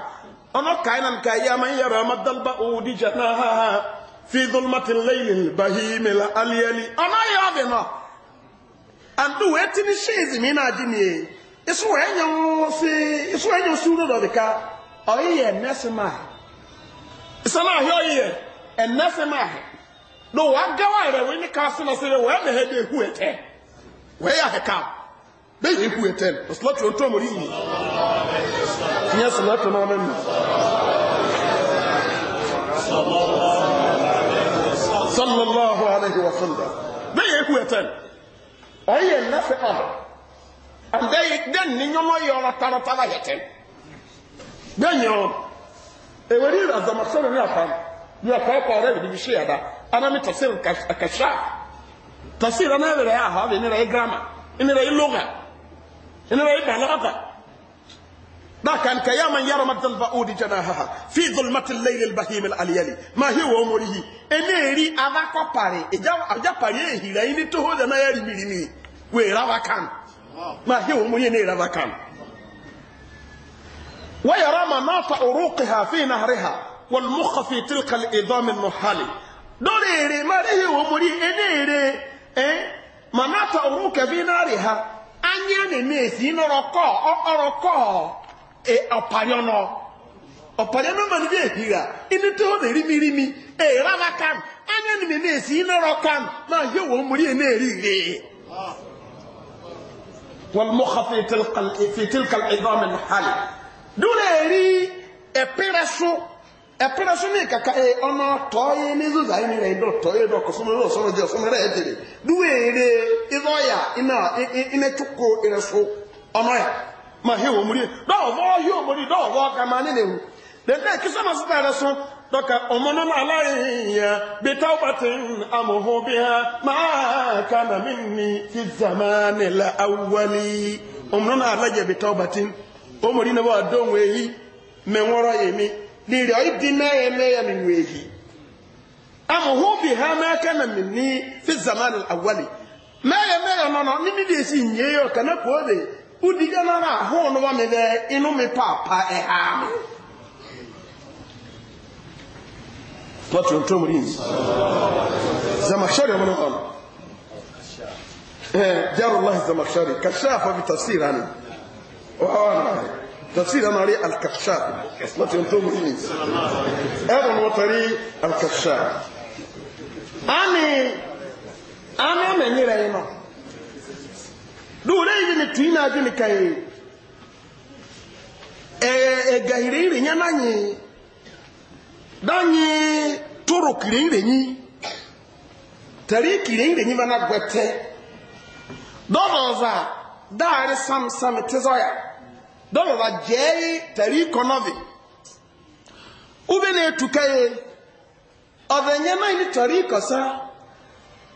A: ọmọkà iná nǹka yẹ ọmọ yẹrẹ ọmọ dalba òwúdí jẹ náà ha ha fi dulmatin lẹ́yìn bahimila aliyeli ọmọ yẹ ọbẹ̀ náà and do wetin ṣe ìzìmí náà jí nìyẹn isu enyo si isu enyo suru do bika oyiye nesima isana ahyo oyiye enesima do wa gawa re we ni ka se na se we me he de hu ete we ya heka be ye hu ete oslo to to mori ni nya se na to ma men sallallahu alaihi wasallam be ye hu ete oyiye nesima and then then ni nyono yora taratara yete then yo e wori ra zama sore ni afam ni akwa kwa re bi shi ada ana mi tafsir kasha tafsir ana re ya ha ni re grammar ni re lugha ni re balagha ذاك أنك يا من يرى مد البعود جناحها في ظلمة الليل البهيم الأليلي ما هي ومره إنيري أذاك باري إجا أجا باري هلا إني تهود أنا يري مني ويرا وكان ما هي ومنين إلى ذكان ويرى مناط عروقها في نهرها والمخ في تلك الإضام النحالي دوليري إيه إيه؟ إيه، ما هي ومنين إلى إيه مناط عروقها في نهرها أنيان نيسي نرقى أرقى إيه أباريونو ما mẹ́mọ̀ ní bí èhìrà inú tó lè rí mi rí mi èèrà wákàm ányẹ́ ni والمخ في تلك في تلك العظام المحاله دون يري ابيرسو ابيرسو ني كاكا اي اما توي نيزو زاي ني ري دو توي دو كسو نو سو نو سو نو ري دو يري اذويا انا انا تشكو ارسو اما ما هي ومري دو فو هي ومري دو فو كما ني نو ده كسما ستا رسو dɔkɛ ɔmɔnɔ alayi yɛ bita bati amụhụ biha maa na mini fi zamani la awali ɔmɔnɔ alajɛ bita bati ɔmɔdi na wa dɔn wɛyi mɛŋɔrɔ yɛ ya liri ɔyi di na yɛ mɛ yɛ mi wɛyi amuhu biha maa na mini fi zamani awali mɛ yɛ mɛ yɛ nɔnɔ ni mi de nye yɛ kana kɔɔ de udigana na ahɔn ahụ wa mi bɛ inu mi paapa e láti ohun tó mú yìí zamakshari ọmọ náà ẹ jarullahi zamakshari kashafa bi tafsira ni wàhálà oh, náà oh, oh. tafsira náà rí alkashafi láti ohun tó mú yìí ẹ bọ̀ ní wọ́n tẹ̀rí alkashafi. ani ani amenyere yi no duure yi ni ni ka yi ẹ ẹ gahiri iri danyi toro kirenyirenyi tari kirenyirenyi bana gbɛtɛ dɔbɔza daare sam sam tezɔya dɔbɔza jɛɛyi tari kɔnɔvi ubene tuka ye ɔvɛ nyɛma yi ni tari kɔsa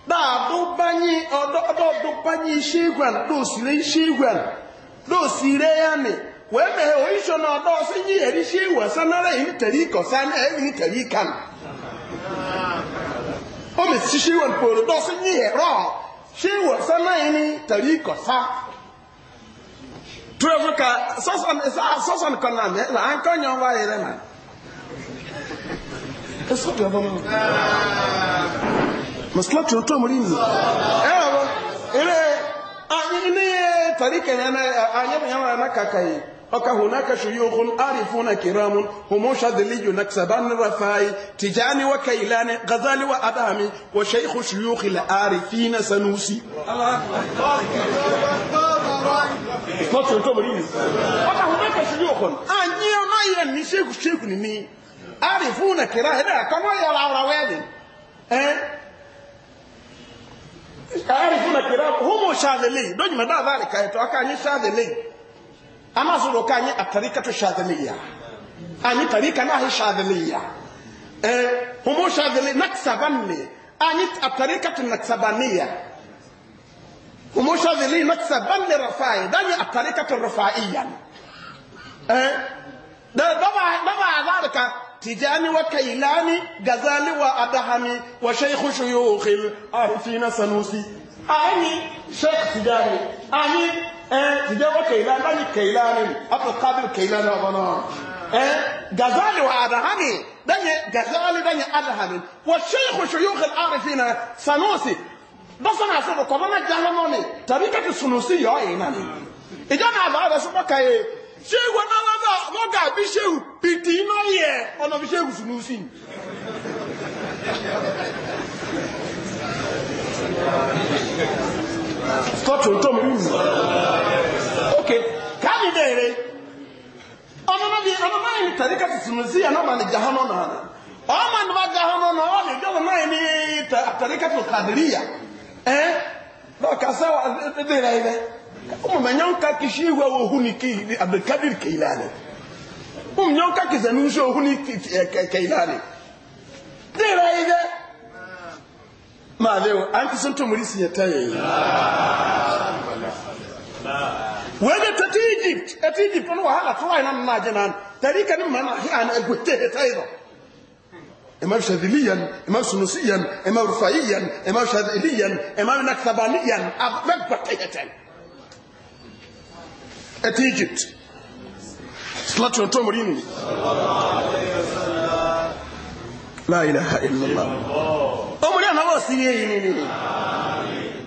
A: daado banyi ɔdɔ ɔdɔ banyi seegwan do sire seegwan do sire yanni wee mee oisho na ọdọ ọsị nye erisi iwe sanara eyi tere iko sana eyi tere ika na o me sisi iwe mporo dọsị nye erọ si iwe sana eyi tere iko sa e turefu ka sọsọn kọ na mẹ na anka nye ọba yere na eso bi ọba mu masala tuntun mu ri mi ẹ e, ọ ere. أني طريق أنا أنا أنا كاكاي أكا هناك شيوخ عارفون كرام هم شاذلي نكسبان رفاي تجاني وكيلاني غزالي وأدامي وشيخ شيوخ العارفين سنوسي الله أكبر أكا هناك شيوخ أني أنا يعني شيخ شيخ نمي عارفون كرام هذا كما يلعب روادي إيه؟ kayarifuna kiramu humu shadhili donyi madaa dhalika yetu akanyi shadhili amazuru kanyi atarikatu shadhiliya anyi tarika nahi shadhiliya eh, humu shadhili naksabanni anyi atarikatu naksabaniya humu shadhili naksabanni rafai danyi atarikatu rafaiyan eh, daba daba dhalika تجاني وكيلاني غزالي وأدهامي وشيخ شيوخ العارفين سنوسي أني شيخ تجاني أني تجاني وكيلاني أني كيلاني أبو القابل كيلاني أبنان غزالي وأدهامي دني غزالي دني أدهامي وشيخ شيوخ العارفين سنوسي بس أنا أصدق وبنا جهلموني طريقة السنوسي يا إيمان إذا أنا أبغى أصدق كيه ṣéwù aláwọ̀dà lọ́gà bí ṣéwù pìtì iná yẹ ọ̀nà bí ṣéwù sùnú sí. tọ́tù tó mi wù. ok káàdì dèrè ọ̀nà náà yẹ ọ̀nà náà yẹ tàbí kàtì sùnú sí ẹ̀ náà bá ní jahanọ náà rẹ̀ ọ̀ma ní bá jahanọ náà ọ̀ lè jọ́nà náà yẹ ní tàbí kàtì kàdìríyà ẹ̀ lọ́ọ̀kà sáwà dèrè ẹ̀ bẹ́ẹ̀ umenyonka kishiwa wohuni ki abdulkadir keilani umenyonka kizanushi wohuni eh, keilani dira ile ma leo anti santo mulisi yataye wege tati egypt ati egypt ono wahala tuwa ina nana jena tarika ni mana hi ana egwete hetaido إمام شاذليا إمام سنوسيا إمام رفاعيا إمام شاذليا إمام نكتبانيا أبقى تيتين at Egypt. Slatu on Tom Rini.
B: La ilaha illallah.
A: Omuri anawo siye yini ni.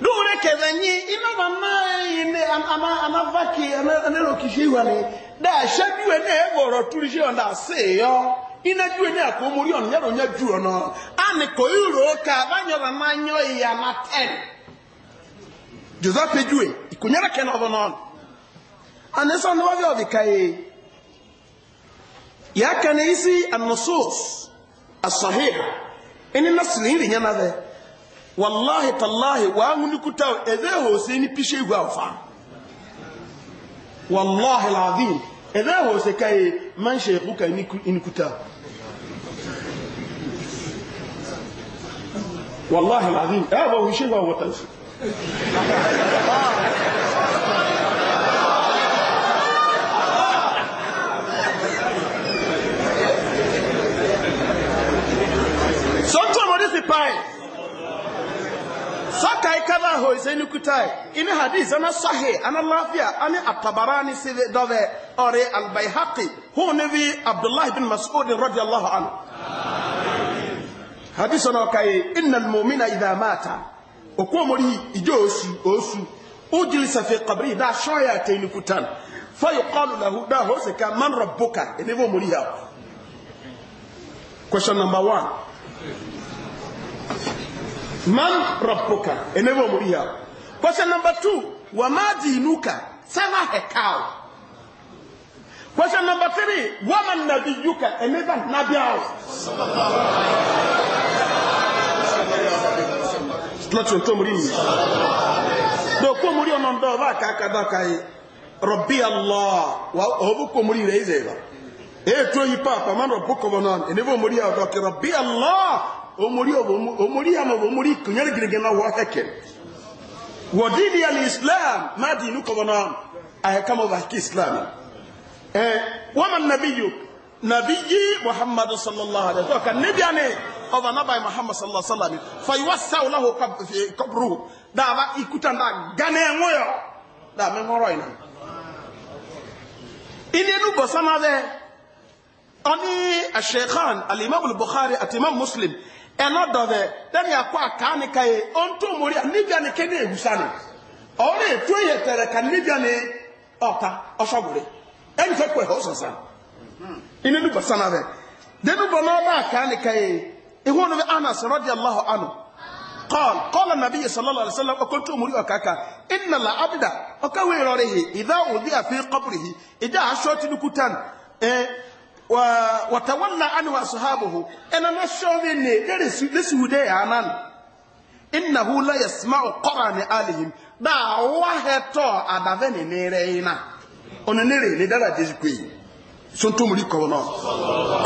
A: Dure kezenyi ina mama yini ama anavaki anero kishiwa ni. Da shadu ene eboro turishi onda seyo. Ina ju ene akomuri on yaro nya ju ono. Ani ko yuro ka banyo banyo ya na 10. Josepe ju e ikunyara kenobo nono. أن يسأل نبغي أو ذكاي يا كنيسي النصوص الصحيحة إن النص اللي هنا ذا والله تالله وأنا كتاو إذا هو سيني بيشي غوفا والله العظيم إذا هو سكاي من شيخوك إن كتاو والله العظيم هذا هو شيخ وهو تنسي kai kaba ho sai ni kutai ini hadith ana sahih ana lafiya ani at-tabarani si dove ore al-baihaqi hu ni bi abdullah bin mas'ud radiyallahu anhu hadith ana kai innal mu'mina idha mata okwo mori ijo osu osu ujlisa fi qabri da shoya tayni kutan fa yuqalu lahu da ho se ka man rabbuka ini bo mori ya question number 1 man rabbuka enebe omuriya question number two wama dinuka sana hekao question number three wama nabiyuka eneba nabiao tulatio nto omurimi doko omuri ono ndo oba akakadakaye rabbi allah obuka omuri reizeba eto yi papa man rabbuka bonon enebe omuriya doke rabbi allah omori omori ama omori kunyere girige na wa heke wa dini ya islam ma dinu ko bona ay kama ba ki islam eh wa man nabiyyu nabiyyi muhammad sallallahu alaihi wasallam kan nabi ane o ba nabai muhammad sallallahu alaihi wasallam fa yuwassa lahu qabru da ba ikuta da gane ngoyo da me ngoro ina ini nu bosama be oni ash-shaykhan al-imam al-bukhari at-imam muslim ɛnɔ dɔbɛ lɛmi akɔ akaani ka ye ɔntun mori a nibia ni kene ewusani ɔre etu ihe tere ka nibia ni ɔta ɔsɔgore ɛni fɛ kɔ ɛhɔ sɔsan ina ni ka ye ihu ni ana sɔrɔ di alahu anu kɔl kɔl nabi yi sɔlɔ alayhi sɔlɔ mori ɔkaka abida ɔkawe yɔrɔ de ye وتولى عنه أصحابه أنا ما شوفني درس درس ودي أنا إنه لا يسمع قرآن آلهم دا وهتو أبابني نيرينا أنا نيري ندرا جزكوي سنتم لي كونا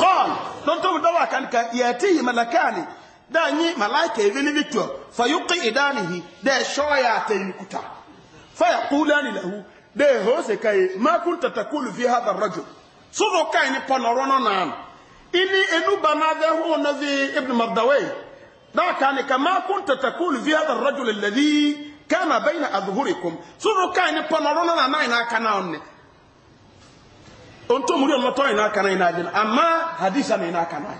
A: قال سنتم دوا كان يأتيه ملكاني دا ني ملايكة يبني بيتو فيقي إدانه دا شوية تيمكتا فيقولان له ده هو سكاي ما كنت تقول في هذا الرجل sọ́dọ̀ káyì ní pọ̀nọ̀rọ̀ náà ini enuba na adé hó na fi ibn mabdawai dáka ni kama kún tatakul fi hadar rajul ladi kama bayna adhurikum sọ́dọ̀ káyì ní pọ̀nọ̀rọ̀ na náà iná aka náà ni ontó muri ọlọtọ iná aka náà iná adé náà àmà hadisa náà iná aka náà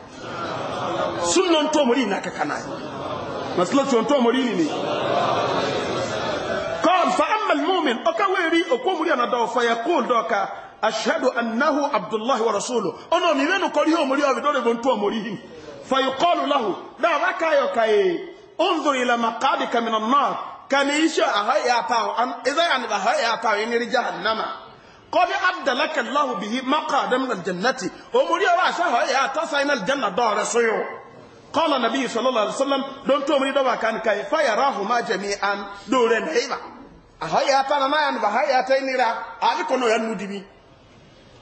A: sunna ontó muri iná aka náà masalasi ontó muri nìyí kọ́ọ̀fà amal mumin ọkà wẹ́ẹ̀rí òkú muri ọ̀nà dọ̀ọ̀fà yẹ kóòl dọ̀ọ̀ka ashhadu annahu abdullahi wa rasuluhu ono mi benu kori ho muri obi dole bontu omuri hi fa yuqalu lahu da raka yo kai unzur ila maqadika min an-nar kana isha ahaya ta an idha an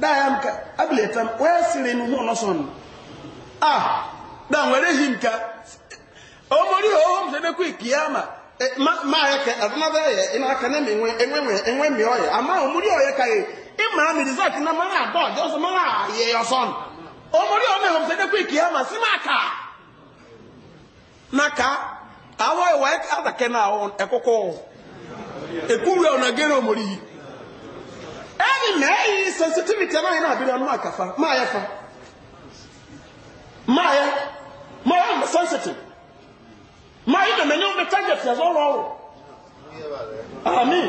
A: daya mka m wee siri m hụ nọsọ nụ a ah, da nwere hi nka omori ohom sebe kwa ikiyama e, ma ya ke adanada ya ina aka na enwe enwe enwe mi oya ama omori oya ka ye ima mi rizak na mara ado ọjọ sọ mara ya ọsọ nụ omori ohom sebe kwa ikiyama si ma ka na ka awọ ewa adake na ahụ ekwụkwọ ekwuru ọ na gere omori ɛni na ɛyi sensitivity ɛna na abiri ɔno akafa maa fa maa ya. Ma ya ɔmo sensitive Ma yɛ dɛmɛ ne ɔmo target ya sɔrɔ ami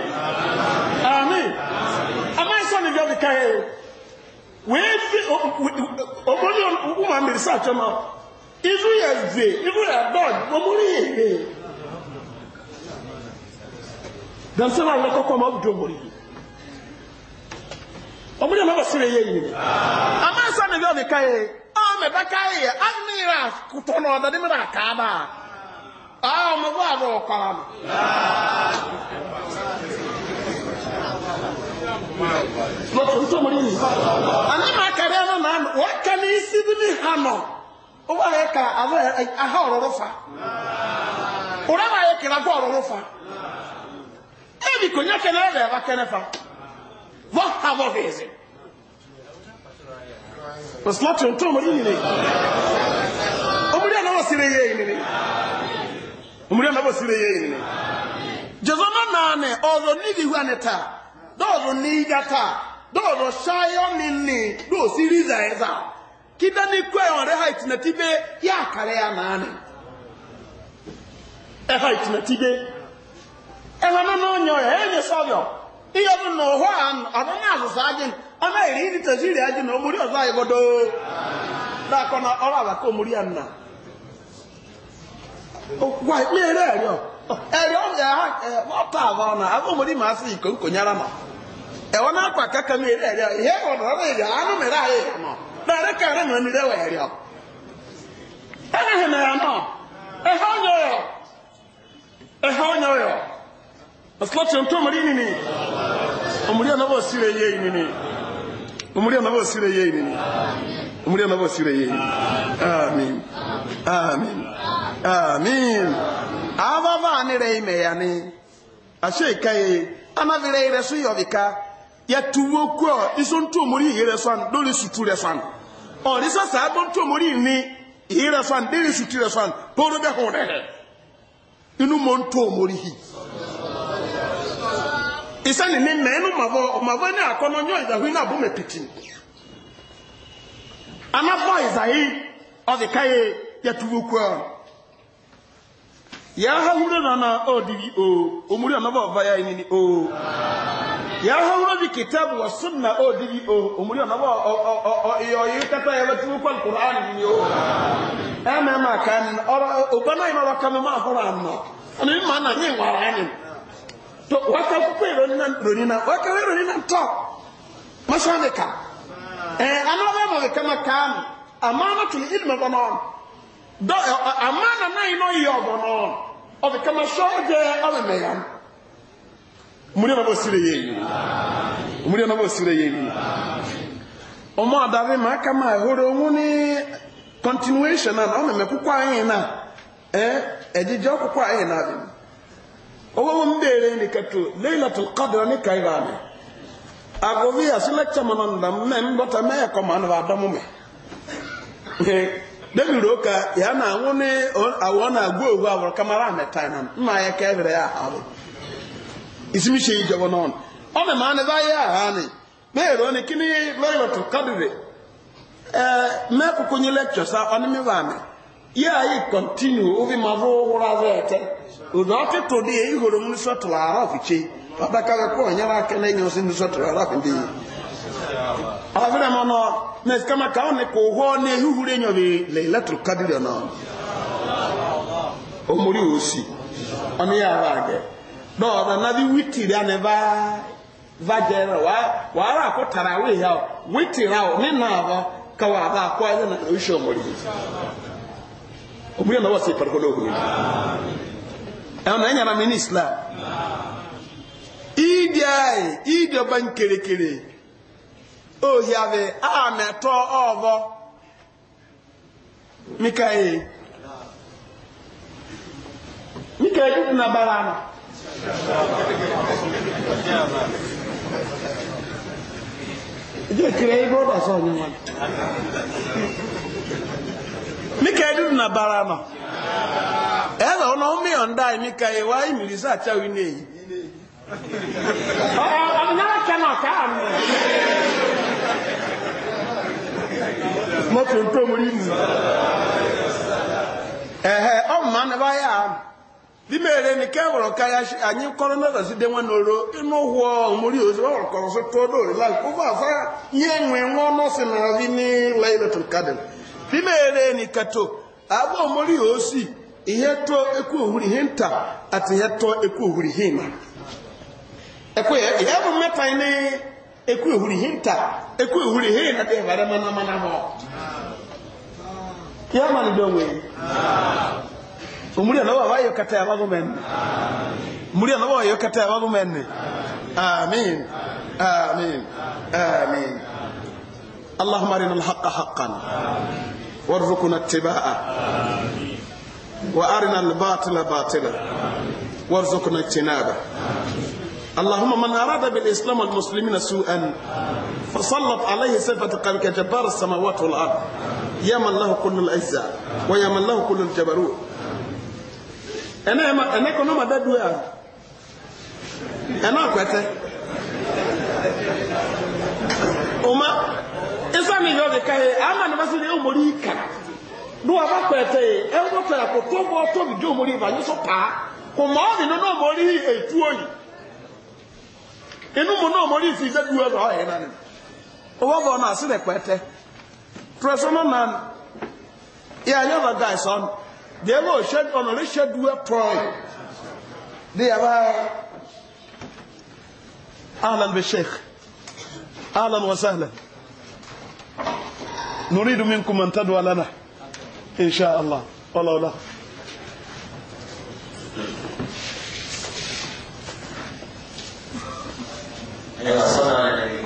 A: ami ama sɔ ni yɔbi ka wee fi ɔmo ni ɔmo sa atwa ma ivu ve ivu ya ve dansi wa lɛ kɔkɔ di ɔmo múlẹ̀ lọ́wọ́ sí rẹ̀ yẹ yìí a máa sá mi bí ọ̀mì ká yẹ ọmọ mẹ́ta ká yẹ a ní ra kutọ́ náà ọ̀dọ́ ní mìíràn ká ọmọ bó àbọ̀ ọ̀pára mi. lọ́tọ̀ nítorí mo náà wọ́n kẹ́ ní síbi ní hànà ó bá ka àwọn ọ̀rọ̀rọ̀ fa òun náà máa yẹ kẹ́rẹ́ abọ́ ọ̀rọ̀rọ̀ fa ẹ̀ẹ́dì kò nyẹ́ kẹ́rẹ́ ẹ̀rẹ́ ẹ̀rẹ́ fa fa wọ́n ha wọ́n fèsì. masalati ohun tó mọ̀rí nìyí omúrí ànáwọ̀ sí rẹ̀ yé nìyí omúrí ànáwọ̀ sí rẹ̀ yé nìyí jẹ́sọ́ náà náà nì ọ̀rọ̀ níbi ìwà nìta dọ́ọ̀rọ̀ ní ìjàta dọ́ọ̀rọ̀ ṣáyọ́ ní nì ló sí rí zàẹ́zà kí dání kú ẹ̀wọ̀n rẹ̀ hàì tìǹà tí bẹ́ ana eri iri tajiri ajị na omori ọzọ anyị godo na-akọ na ọrụ agaka ya nna gwa ikpe ere erịọ ha na omori ma asị iko na akwa ihe eri anụ mere anyị na-ere ka ere ya nọ ehe onye ọyọ ehe onye ọyọ ọsọlọtị ntụ omori nini omori ọ nọbọ siri nini umuriyo nabo sire yeni umuriyo nabo sire yeni amen amen amen aba bana reime yani asheka ye ama vile ile su yovika yatuwo kwa iso ntu umuri ile swan dole suture swan ori sasa abo ntu umuri ni ile swan dole suture swan poro be hore inu mo ntu umuri hii isani ni mɛnu mabɔ mabɔ ne akɔnɔ nyɔ izahu ina bome piti anabɔ izahi ɔdi ka ye yatuwo kua yahahuro nana ɔdiri o omuri anabɔ ɔba ya nini o yahahuro di kitabu wa sunna ɔdiri o omuri anabɔ ɔ ɔyɔ kata yɛ bɛtuwo kua nkura nini o ɛmɛ ma kan ɔba n'ayi ma ba kame ma ahoro anɔ ɔni ma na nye nwara anyi. to waka kupe ronina ronina waka we ronina to mashanika eh anaba ba be kama kam amanatul ilmi gonon do eh, eh, amana na ino yo gonon o be kama shoje o be meyan muri na bosire yeni muri na bosire yeni omo adare ma kama ehoro muni continuation na o me mekukwa yin na eh ejijo kukwa yin na owo mbere ni kato lailatul qadr ni kairani agobi asilekcha mananda mmem bota me ko man ba domu me debi roka ya na anwo ni awo na agwo owu awor kamara metan na ma ya ka ebere ya hawo isimi she jogo non o me man ba ya hani me ni kini lailatul qadr eh me ko kunyi lecture sa oni mi ba me ya yi continue obi ma ro wura zete ụdị ọtụtụ dị ihoro m nsọtụrụ arọ fiche ọdakaga kwuo aka na-enye osi arọ ndị m nọ meskama ka ọ nịkwa ụgwọ na-ehuhuru enyobe eletrik kadịrịọ nọ omori osi ọnụ ya ahụ aga dọọrọ na witiri a nịba vajere wara akwụtara ahụ witiri ahụ na abọ kawa akwa ya na oshi omori omori na ẹ̀wọ̀n náà nyàrá mi ní islam ìdí ayé ìdí ọba nkerekere òhìàfẹ́ àmẹ́tọ́ ọ̀vọ́ mikaye mikaye dúdú na bára nù. ìjọ kiri ayé bó dà sọ ọ ní wọn. mikaye dúdú na bára nù. ẹ̀rọ ọ eh, eh, eh, oh, ah? na ń dá ẹ̀mí ka ẹ̀wá ìmìlísà àtàwọn ilé yìí. ọ̀nàrà kẹ́nà káàmù. mọ́tò tó mú rí mu. ẹ̀hẹ̀ ni wá yà bí mèrè ni kẹ́wọ̀rọ̀ káyà ṣe ànyí kọ́rọ́ náà sì ni ihe tɔ eku ohuri hin ta ati ihe tɔ eku ohuri hin ma ɛkò yɛ ihe bu mɛta yi ni eku ohuri hin ta eku ohuri hin na de ɛfɛ mana mana hɔ yɛ ama ni dɔn wei omuri anawo awa yɛ kata yɛ abago mɛ ni omuri anawo awa kata yɛ abago mɛ ni amin amin amin allahumma arina alhaqa haqqan warzuqna ittibaa'a وارنا الباطل باطلا وارزقنا اجتنابه اللهم من اراد بالاسلام والمسلمين سوءا فسلط عليه صفه قلبك جبار السماوات والارض يا من له كل الاجزاء ويا من له كل الجبروت انا ما انا كنا ما دادوا انا كنت وما اسامي من يوم كاي أما نبصر يوم مريكا do aba pɛtɛ ɛnkɔtɔ akoto bɔ tobi di omori ibanyi so paa kò mọ ɔni nínú omori etu oyi inú mu ní omori fi sẹ duwe lọ ɔyẹ nani owó bọ náà sílẹ pɛtɛ tùrẹsọmọ nan yà nyẹ bá gà sọn diẹ bá ọsẹ ọnà lè sẹ duwe pọl diẹ bá ahlan bi sheikh alan wa sahlan nuridu minkum an tadwa lana. إن شاء الله والله
C: لا صلى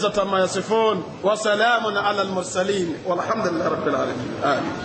A: عزة ما يصفون وسلام على المرسلين والحمد لله رب العالمين آمين